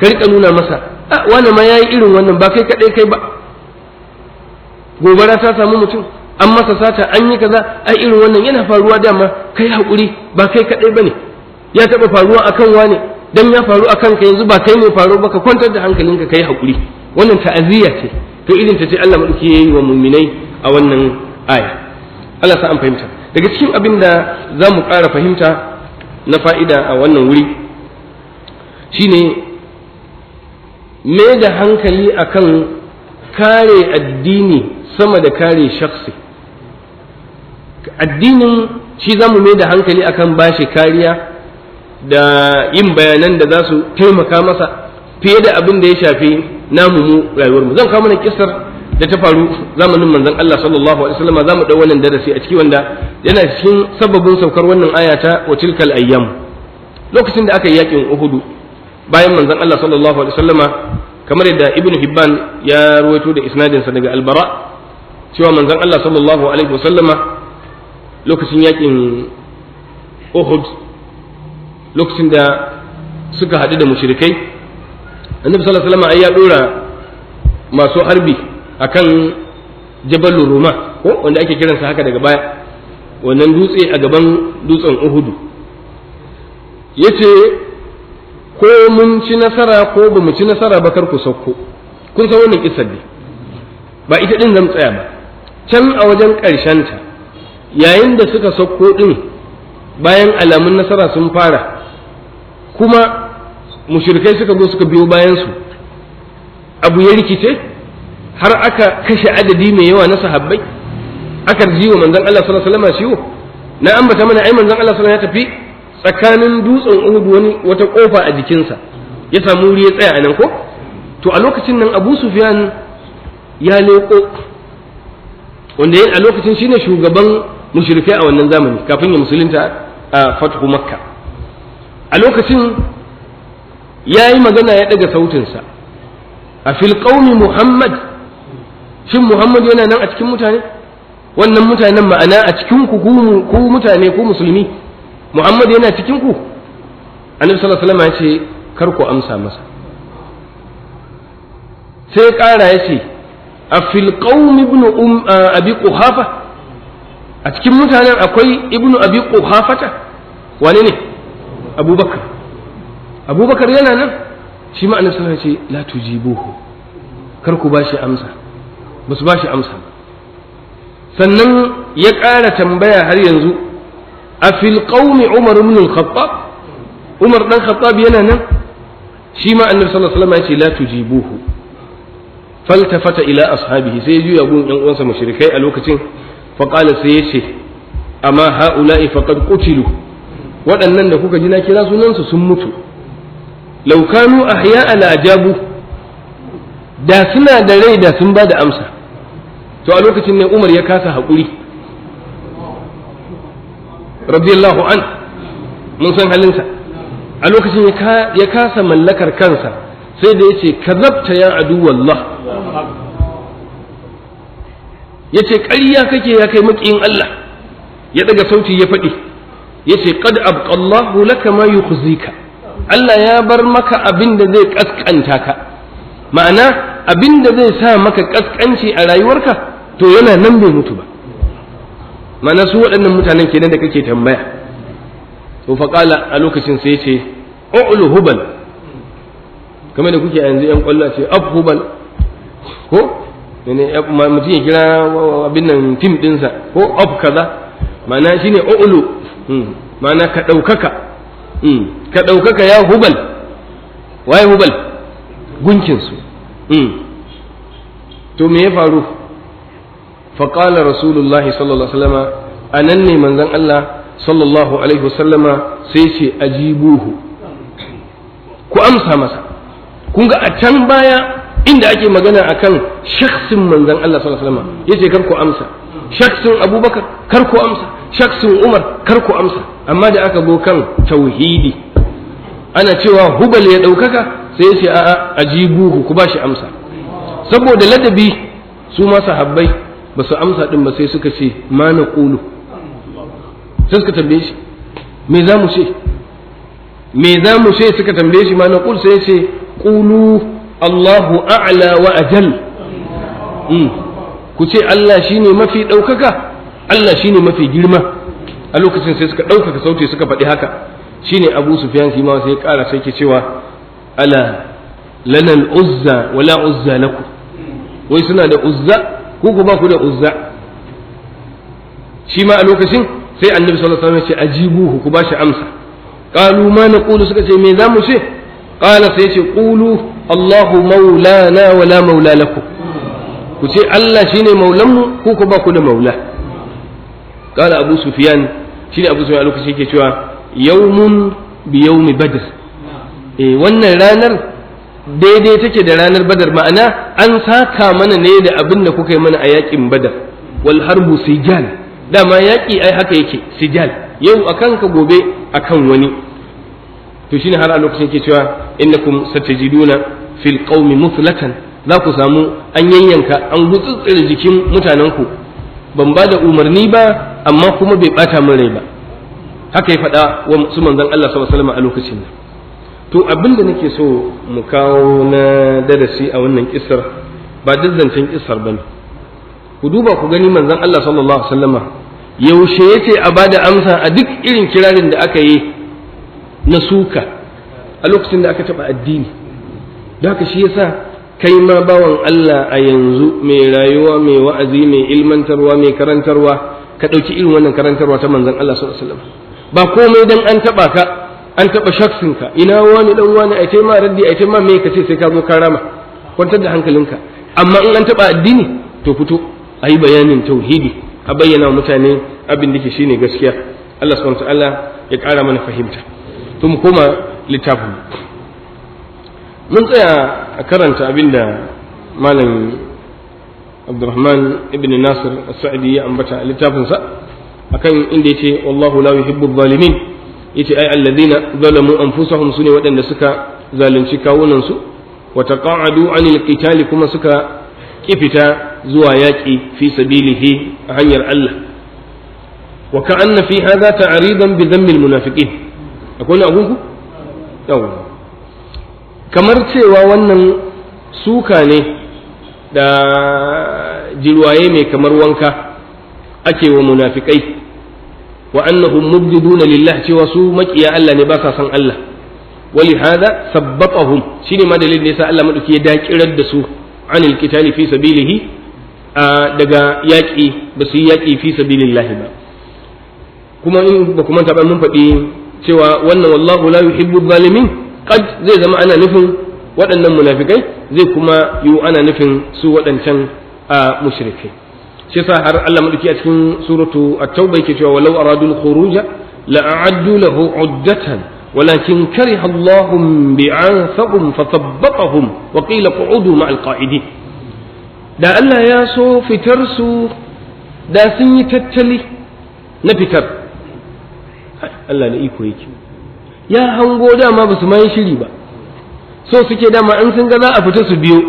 ka rika nuna masa a wani ma yayi irin wannan ba kai kaɗai kai ba gobara ta samu mutum an masa sata an yi kaza ai irin wannan yana faruwa dama kai hakuri ba kai kaɗai ba ne ya taɓa faruwa akan wane dan ya faru a kanka yanzu ba kai ne faru ba ka kwantar da hankalinka kai hakuri wannan ta'aziyya ce to irin ta ce Allah madauki yayi wa mu'minai a wannan aya Allah sa an fahimta daga cikin abin da za mu ƙara fahimta na fa'ida a wannan wuri shine mai da hankali akan kare addini sama da kare shakhsi addinin shi za mu mai da hankali akan bashi kariya da yin bayanan da za su taimaka masa fiye da abin da ya shafi namu mu rayuwar mu zan kawo mana kissar da ta faru zamanin manzon Allah sallallahu alaihi wasallam zamu dau wannan darasi a ciki wanda yana cikin sababin saukar wannan aya ta watilkal ayyam lokacin da aka yi yakin Uhud bayan manzon Allah sallallahu alaihi kamar yadda Ibn Hibban ya ruwaito da isnadin sa daga Al-Bara cewa manzon Allah sallallahu alaihi lokacin yakin Uhud lokacin da suka haɗu da mushirikai, annabi sallallahu alaihi wasallam ya dora masu harbi akan jabal ruma ko wanda ake kiransa haka daga baya wannan dutse a gaban dutsen uhudu yace ko mun ci nasara ko ba mu ci nasara ba kar ku sauko kun san wannan kisar ne ba ita din zan tsaya ba can a wajen ƙarshen ta yayin da suka sauko din bayan alamun nasara sun fara kuma mushrikai suka zo suka biyo bayansu, abu ya rikice har aka kashe adadi mai yawa na sahabbai aka jiwa manzon Allah sallallahu alaihi wasallam ciwo na ambata mana ai manzon Allah sallallahu alaihi wasallam ya tafi tsakanin dutsen Uhud wani wata kofa a jikinsa ya samu wuri ya tsaya anan ko to a lokacin nan Abu Sufyan ya leko wanda a lokacin shine shugaban mushrikai a wannan zamani kafin ya musulunta a fathu Makkah a lokacin ya yi magana ya ɗaga sautinsa a filƙauni muhammad shin muhammad yana nan a cikin mutane wannan mutanen ma'ana a cikin ku ku mutane ku musulmi muhammad yana cikin ku annabi sallallahu alaihi wasallam ya ce kar ku amsa masa sai ƙara ya ce a filƙauni ibn um abi quhafa a cikin mutanen akwai ibn abi quhafata wane ne abubakar abubakar yana nan shi ma annabi sallallahu alaihi wasallam ce la tujibuhu kar ku shi amsa ba su bashi amsa sannan ya ƙara tambaya har yanzu a fil qaumi umar ibn al-khattab umar dan khattab yana nan shi ma annabi sallallahu alaihi wasallam ya ce la tujibuhu faltafata ila ashabihi sai juya gun yan uwansa mushrikai a lokacin fa qala sai ce amma ha'ula'i faqad qutilu waɗannan da kuka ji na kira sunansu sun mutu laukanu a haya al'ajabu da suna da rai da sun ba da amsa to a lokacin ne Umar ya kasa haƙuri radiyallahu an mun san halinsa a lokacin ya kasa mallakar kansa sai da yace kazabta ya ya yace ƙarya kake ya kai maƙiyin Allah ya daga sauti ya faɗi yace qad abqallahu laka ma yukhzika Allah ya bar maka abin da zai kaskanta ka ma'ana abin da zai sa maka kaskanci a rayuwarka to yana nan bai mutu ba ma'ana su waɗannan mutanen kenan da kake tambaya to fa qala a lokacin sai yace u'lu hubal kamar da kuke yanzu yan kwallo ce af hubal ko ne mutum ya kira abin nan tim ɗinsa ko af kaza ma'ana shine u'lu Mm. ma'ana ka ɗaukaka mm. ka ɗaukaka ya hubal waye hubal gunkinsu mm. to me ya faru faƙala rasulullahi sallallahu alaihi wasallama a nan ne manzan Allah sallallahu alaihi wasallama sai ce ajibuhu ku amsa masa kun ga a can baya inda ake magana akan shakhsin manzan Allah sallallahu alaihi wasallama ce kan ku amsa shaksun abubakar kar ku amsa shaksun umar kar ku amsa amma da aka zo kan tauhidi ana cewa hubal ya ɗaukaka sai ce a ajibuhu ku ba shi amsa saboda ladabi su ma sahabbai ba su amsa din ba sai suka ce ma na ƙulu sai suka tambaye shi me za mu ce me za mu ce suka tambaye shi ma na ƙul sai ce ƙulu allahu a'la wa ajal hmm. ku ce Allah shine mafi ɗaukaka Allah shine mafi girma a lokacin sai suka ɗaukaka sauti suka faɗi haka ne Abu Sufyan shi ma sai ya ƙara sai ke cewa ala uzza wala uzza lakum wai suna da uzza ko ku ba ku da uzza shi ma a lokacin sai annabi sallallahu alaihi wasallam ya ce ajibuhu ku ba shi amsa qalu ma naqulu suka ce me zamu ce qala sai ya ce qulu Allahu maulana wala maula lakum ku ce Allah shine maulanmu ko ku ba ku da maula qala abu sufyan shine abu a lokacin yake cewa yawmun bi yawmi badr eh wannan ranar daidai take da ranar badar ma'ana an saka mana ne da abin da kuka yi mana a yakin badar wal harbu sijal dama yaki ai haka yake sijal yau akan ka gobe akan wani to shine har a lokacin yake cewa innakum satajiduna fil qaumi muflatan za ku samu an yanyanka an gutsutsure jikin mutanenku ban ba da umarni ba amma kuma bai bata min rai ba haka ya faɗa wa su manzon Allah sallallahu alaihi a lokacin nan to abin da nake so mu kawo na darasi a wannan kisar ba dazzancin ba bane ku duba ku gani manzon Allah sallallahu alaihi wasallama yaushe yace a bada amsa a duk irin kirarin da aka yi na suka a lokacin da aka taɓa addini da haka shi yasa kai ma bawan Allah a yanzu mai rayuwa mai wa'azi mai ilmantarwa mai karantarwa ka ɗauki irin wannan karantarwa ta manzon Allah sallallahu alaihi wasallam ba komai dan an taba ka an taba shaksin ka ina wani dan wani ai tai ma raddi ai tai ma me kace sai ka zo ka rama kwantar da hankalinka amma in an taba addini to fito ayi bayanin tauhidi a bayyana wa mutane abin da ke shine gaskiya Allah subhanahu wa ta'ala ya ƙara mana fahimta to mu koma littafin mun tsaya a karanta abin da malam abdurrahman ibn nasir sa'adi ya ambata a littafinsa akan inda yace wallahu la yuhibbu zalimin yace ai alladhina zalamu anfusahum sune waɗanda suka zalunci kawunan su wa taqa'adu anil qitali kuma suka kifita zuwa yaƙi fi sabilihi a hanyar Allah wa ka'anna fi hadha ta'ridan bi dhanbil munafiqin akwai abun ku kamar cewa wannan suka ne da jirwaye mai kamar wanka ake wa munafikai wa annahum mubdiduna lillah cewa su makiya Allah ne ba sa san Allah wali hada sabbatahum shine ma ne da yasa Allah madauki ya dakirar da su anil qitali fi sabilihi daga yaƙi ba su yi yaƙi fi sabilillahi ba kuma in ba kuma taɓa mun faɗi cewa wannan wallahu la yuhibbu zalimin qad zai zama ana nufin waɗannan munafikai zai kuma yi ana nufin su waɗancan a mushrikai shi sa har Allah madauki a cikin suratu at-tauba yake cewa walau aradul khuruja la a'addu lahu uddatan walakin kariha Allah bi'ansahum fathabbatahum wa qila qu'udu ma'al qa'idin da Allah ya so fitar su da sun yi tattali na fitar Allah na iko yake ya hango dama ba su ma shiri ba so suke dama an sun ga za a fita su biyo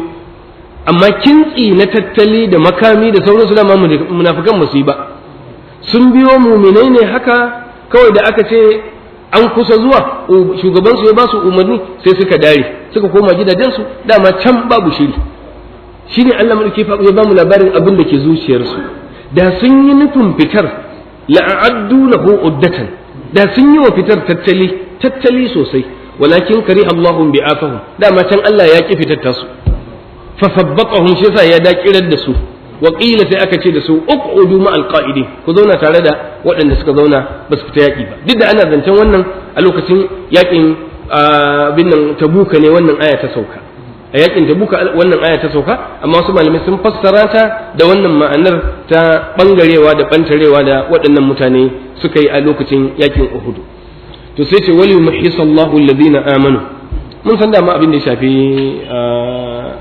amma kintsi na tattali da makami da sauransu dama munafikan ba yi ba sun biyo muminai ne haka kawai da aka ce an kusa zuwa shugabansu ya ba su umarni sai suka dare suka koma gidajensu dama can babu shiri shi ne Allah mulki fa ya bamu labarin abin da ke zuciyarsu da sun yi nufin fitar la'addu lahu uddatan da sun yi wa fitar tattali tattali sosai walakin kari Allahun bi afahum dama can Allah ya ki fitatta su fa sabbaqahum shi ya daƙirar da su wa qila sai aka ce da su uqudu ma alqaidin ku zauna tare da waɗanda suka zauna ba su fita yaki ba duk da ana zancen wannan a lokacin yaƙin bin nan tabuka ne wannan aya ta sauka a yakin tabuka wannan aya ta sauka amma wasu malamai sun fassara ta da wannan ma'anar ta bangarewa da bantarewa da waɗannan mutane suka yi a lokacin yakin uhudu to sai ce wali muhisallahu alladhina amanu mun san dama abin da ya shafi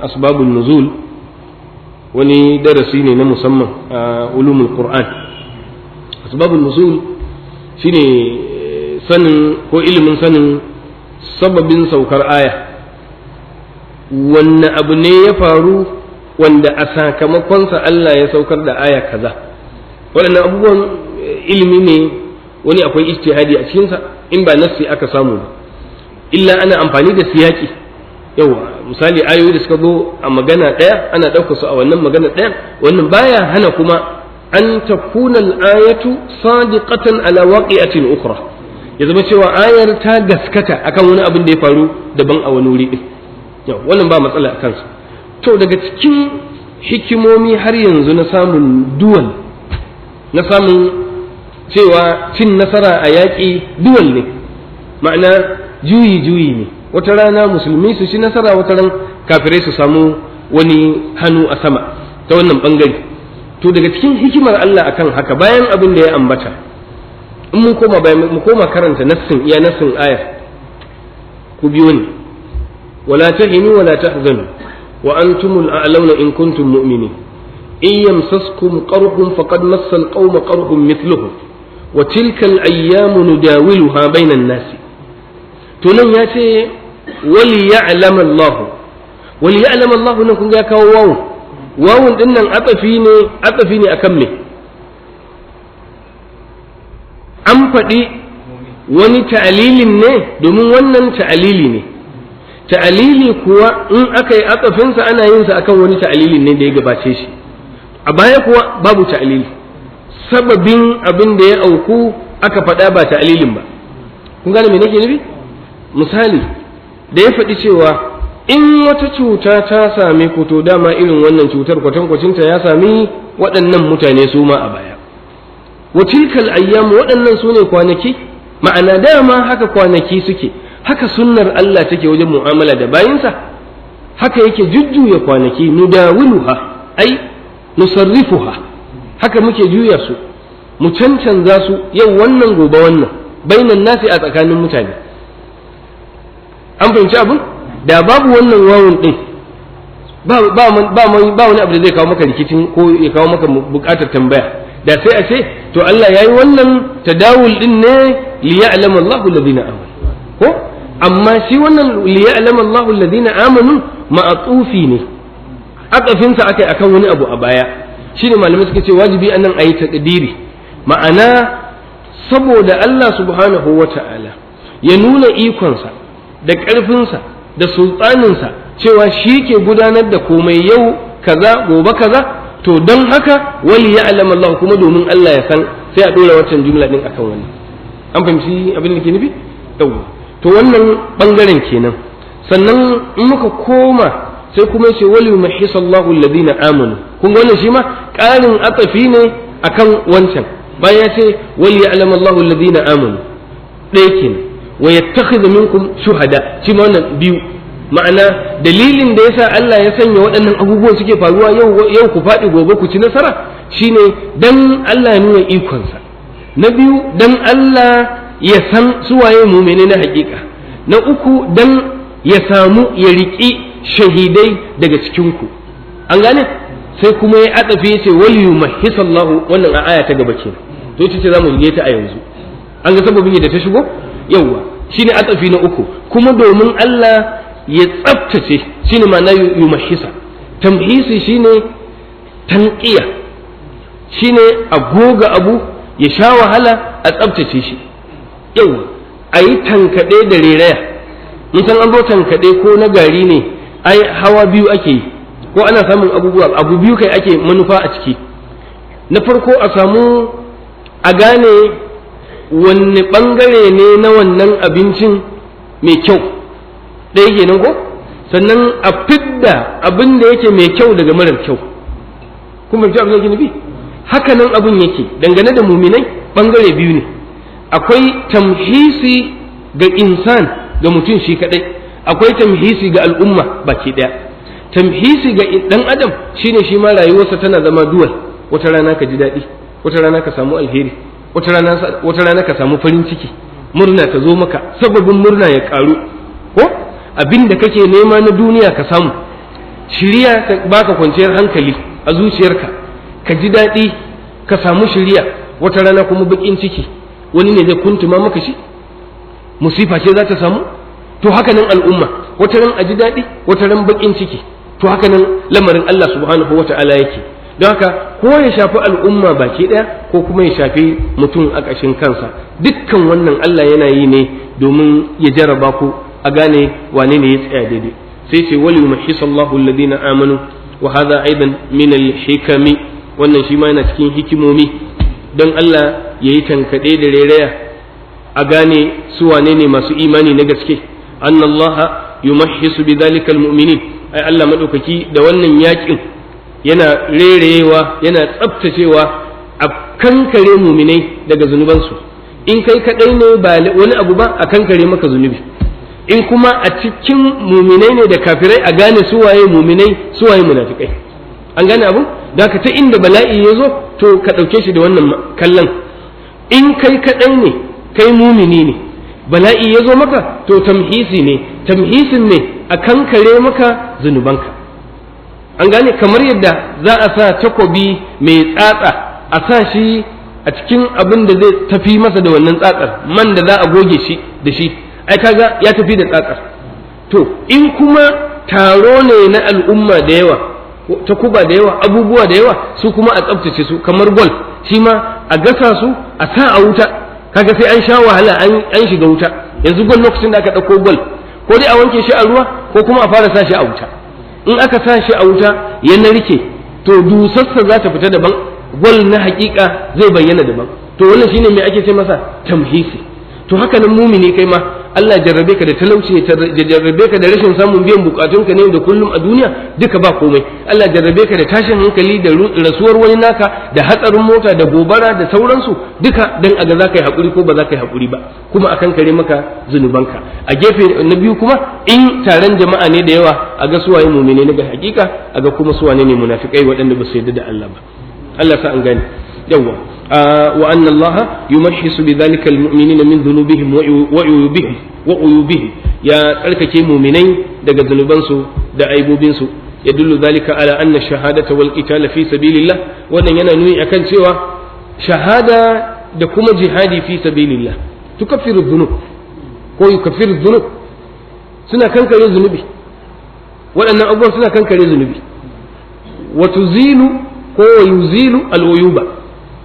asbabun nuzul wani darasi ne na musamman a ulumul qur'an asbabun nuzul shine eh, sanin ko ilimin sanin sababin saukar aya wanne abu ne ya faru wanda a sakamakonsa Allah ya saukar da aya kaza waɗannan abubuwan eh, ilimi ne wani akwai ijtihadi a cikinsa in ba nassi aka samu ba illa ana amfani da siyaki yawa misali ayoyi da suka zo a magana ɗaya ana ɗauka su a wannan magana ɗaya wannan baya hana kuma an takuna al-ayatu sadiqatan ala waqi'atin ukhra ya zama cewa ayar ta gaskata akan wani abin da ya faru daban a wani wuri din wannan ba matsala akan su to daga cikin hikimomi har yanzu na samun duwan na samun cewa cin nasara a yaƙi duwal ne ma'ana juyi juyi ne wata rana musulmi su ci nasara wata ran kafirai su samu wani hannu a sama ta wannan bangare to daga cikin hikimar Allah akan haka bayan abin da ya ambata in mun koma bayan mu koma karanta nassin iya nassin aya ku biyo ni wala tahinu wala tahzanu wa antumul a'launa in kuntum mu'minin in yamsaskum qarhun فقد massal القوم qarhun مثلهم wa tilkal ayyamu nudawiluha an nasi to nan ya ce wali ya'lam Allah wali ya'lam Allah nan kun ga kawo wawu. wawun din nan atafi ne atafi ne akan me an faɗi wani ta'alilin ne domin wannan ta'alili ne ta'alili kuwa in aka yi atsafinsa ana yin sa akan wani ta'alilin ne da ya gabace shi a baya kuwa babu ta'alili sababin abin da ya auku aka faɗa ba ta alilin ba kun gane me nake nufi misali da ya faɗi cewa in wata cuta ta sami ku to dama irin wannan cutar kwacinta ya sami waɗannan mutane su ma a baya wa ayyamu waɗannan su ne kwanaki ma'ana dama haka kwanaki suke haka sunnar Allah take wajen mu'amala da bayinsa haka yake jujjuya kwanaki nudawiluha ai nusarrifuha haka muke juya su mu cancanza su yau wannan gobe wannan bainan nasi a tsakanin mutane an fahimci abin da babu wannan wawon din ba wani abu da zai kawo maka rikicin ko ya kawo maka bukatar tambaya da sai a ce to Allah ya yi wannan tadawul din ne liya'lam Allahu alladhina amanu ko amma shi wannan liya'lam Allahu alladhina amanu ma'atufi ne akafinsa akai akan wani abu a baya shine malamai suka ce wajibi anan ayi takdiri ma'ana saboda Allah subhanahu wata'ala ya nuna ikonsa da ƙarfinsa da sultaninsa cewa shi ke gudanar da komai yau kaza gobe kaza to don haka wali ya alama Allah kuma domin Allah ya san sai a ɗora wancan jumla ɗin akan wani an fahimci abin da ke nufi yau to wannan ɓangaren kenan sannan in muka koma sai kuma yace wal yumhisallahu alladhina amanu kun ga wannan shi ma ƙarin atafi ne akan wancan bayan ya ce wali ya'lamu Allahu alladhina amanu ɗaya wa yattakhid minkum shuhada shi ma wannan biyu ma'ana dalilin da yasa Allah ya sanya waɗannan abubuwan suke faruwa yau yau ku faɗi gobe ku ci nasara shine dan Allah ya nuna ikonsa na biyu dan Allah ya san su suwaye mumene na hakika na uku dan ya samu ya riƙi shahidai daga cikinku an gane sai kuma ya atsafi ya ce wali wannan a aya ta gaba ke to ita ce zamu yi ta a yanzu an ga sababin yadda ta shigo yawwa shine atsafi na uku kuma domin Allah ya tsaftace shine ma'ana mahisa tamhisi shine tanqiya shine a goga abu ya sha wahala a tsaftace shi yawwa a yi tankaɗe da reraya in san an zo tankaɗe ko na gari ne ai hawa biyu ake yi ko ana samun abubuwa abu biyu kai ake manufa a ciki na farko a samu a gane wanne bangare ne na wannan abincin mai kyau ɗaya kenan ko sannan a fidda abin da yake mai kyau daga marar kyau kuma fi abin da nufi haka nan abin yake dangane da muminai bangare biyu ne akwai tamhisi ga insan ga mutum shi kaɗai. akwai tamhisi ga al'umma baki ɗaya. tamhisi ga dan adam shine shi ma rayuwarsa tana zama duwal wata rana ka ji daɗi wata rana ka samu alheri wata rana ka samu farin ciki murna ta zo maka sababin murna ya karu ko abin da kake nema na duniya ka samu shiriya ta baka kwanciyar hankali a zuciyarka ka ji daɗi ka samu shiriya wata rana kuma bakin ciki wani ne zai kuntuma maka shi musifa ce za ta samu to haka nan al'umma wata ran a ji daɗi wata ran baƙin ciki to haka nan lamarin Allah subhanahu wa ta'ala yake don haka ko ya shafi al'umma baki ɗaya ko kuma ya shafi mutum a ƙashin kansa dukkan wannan Allah yana yi ne domin ya jarraba ku a gane wane ne ya tsaya daidai sai ce wali yumahhisu Allahu amanu wa hadha aidan min al-hikami wannan shi ma yana cikin hikimomi don Allah ya yi tankaɗe da reraya a gane su wane ne masu imani na gaske anna Allah bi bidhalika almu'minin ai Allah madaukaki da wannan yakin yana rerewa yana tsaftacewa a kankare muminai daga zunubansu in kai kaɗai ne ba wani abu ba a kankare maka zunubi in kuma a cikin muminai ne da kafirai a gane su waye muminai su waye munafikai an gane abu da ka ta inda bala'i ya zo to ka ɗauke shi da wannan kallon in kai kaɗai ne kai mumini ne bala'i ya zo maka to tamhisi ne tamhisin ne a kankare maka zunubanka an gane kamar yadda za a sa takobi mai tsatsa a sa shi a cikin abin da zai tafi masa da wannan tsatsar man da za a goge shi da shi ai kaga ya tafi da tsatsar to in kuma taro ne na al'umma da yawa ta kuba da yawa abubuwa da yawa su kuma a tsabtace su kamar gol shi ma a gasa su a sa a wuta kaga sai an sha wahala an shiga wuta yanzu gol lokacin da aka ɗauko gol ko dai a wanke shi a ruwa ko kuma a fara sa shi a wuta in aka sa shi a wuta ya narke to dusarsa za ta fita daban gol na hakika zai bayyana daban to wannan shine me ake ce masa tamhisi to haka nan mumini kai ma Allah jarrabe ka da talauci ya jarrabe ka da rashin samun biyan bukatunka ne da kullum a duniya duka ba komai Allah jarrabe ka da tashin hankali da rasuwar wani naka da hatsarin mota da gobara da sauransu duka dan aga za ka yi hakuri ko ba za ka yi hakuri ba kuma akan kare maka zunubanka a gefe na biyu kuma in taron jama'a ne da yawa aga waye mumine ne ga hakika a ga kuma su wane ne munafikai waɗanda ba su yarda da Allah ba Allah sa an gane yawa ah, wa anna Allah ya tsarkake mu'minai daga zunubansu da aibobinsu yadullu dhalika ala anna shahadata wal jihadi fi sabilillah suna kankare zunubi waɗannan abubuwan suna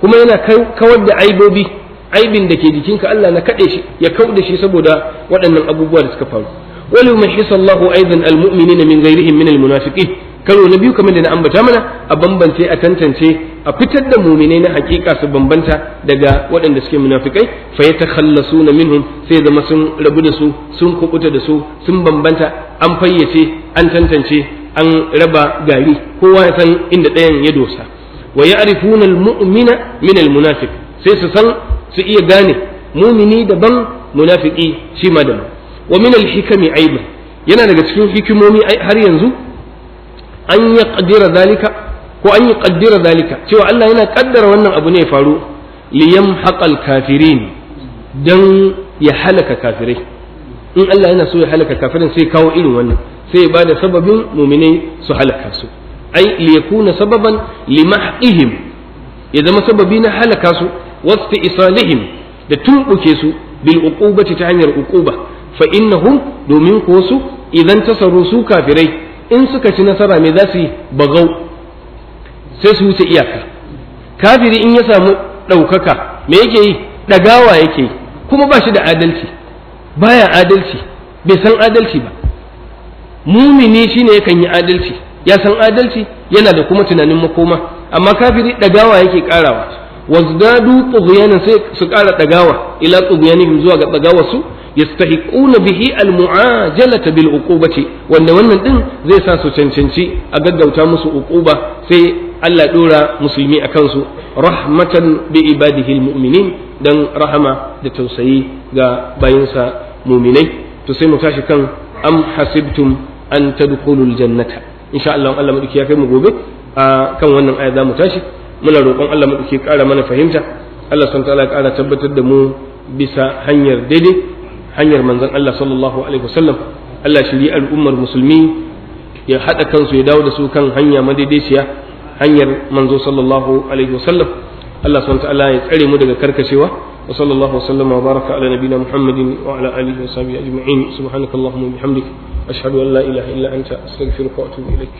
kuma yana kawar da aibobi aibin da ke jikinka Allah na kaɗe shi ya kauda shi saboda waɗannan abubuwa da suka faru wal yumahhisu Allahu aidan almu'minina min ghairihim min almunafiqin karo na biyu kamar da na ambata mana a bambance a tantance a fitar da muminai na hakika su bambanta daga waɗanda suke munafikai fa ya takhallasu na minhum sai zama sun rabu da su sun kubuta da su sun bambanta an fayyace an tantance an raba gari kowa ya san inda ɗayan ya dosa wa ya'rifuna al-mu'mina min al-munafiq sai su san su iya gane mumini daban munafiki shi ma daban wa min al-hikami aiba yana daga cikin hikimomi har yanzu an yaqdira zalika ko an yaqdira zalika cewa Allah yana kaddara wannan abu ne ya faru liyam haqal kafirin dan ya halaka kafirai in Allah yana so ya halaka kafirin sai kawo irin wannan sai ya bada sababin muminai su halaka su ai liyakuna sababan lima'ihim ya zama sababi na halaka su wasti isalihim da tumbuke su bil uqubati ta hanyar uquba fa hun domin ko su idan tasaru su kafirai in suka ci nasara me za su yi bagau sai su wuce iyaka kafiri in ya samu ɗaukaka me yake yi ɗagawa yake yi kuma ba shi da adalci baya adalci bai san adalci ba mumini shine yakan yi adalci ya san adalci yana da kuma tunanin makoma amma kafiri dagawa yake karawa wazdadu tughyanan sai su kara dagawa ila tughyanihim zuwa ga dagawa su yastahiquna bihi almu'ajalata bil uqubati wanda wannan din zai sa su cancanci a gaggauta musu uquba sai Allah dora musulmi a kansu rahmatan bi ibadihi almu'minin dan rahama da tausayi ga bayinsa muminai to sai mu tashi kan am hasibtum an tadkhulul jannata insha Allah Allah madauki ya kai mu gobe a kan wannan aya zamu tashi muna roƙon Allah madauki ƙara mana fahimta Allah subhanahu ta'ala ƙara tabbatar da mu bisa hanyar daidai hanyar manzon Allah sallallahu alaihi wasallam Allah shiri al'ummar musulmi ya haɗa kansu ya dawo da su kan hanya madaidaiciya hanyar manzo sallallahu alaihi wasallam Allah subhanahu ta'ala ya tsare mu daga karkashewa wa sallallahu wa baraka ala nabiyina muhammadin wa ala alihi wa sahbihi ajma'in subhanakallahumma wa bihamdika ashhadu an la ilaha illa anta astaghfiruka wa atubu ilaik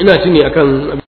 ina tuni akan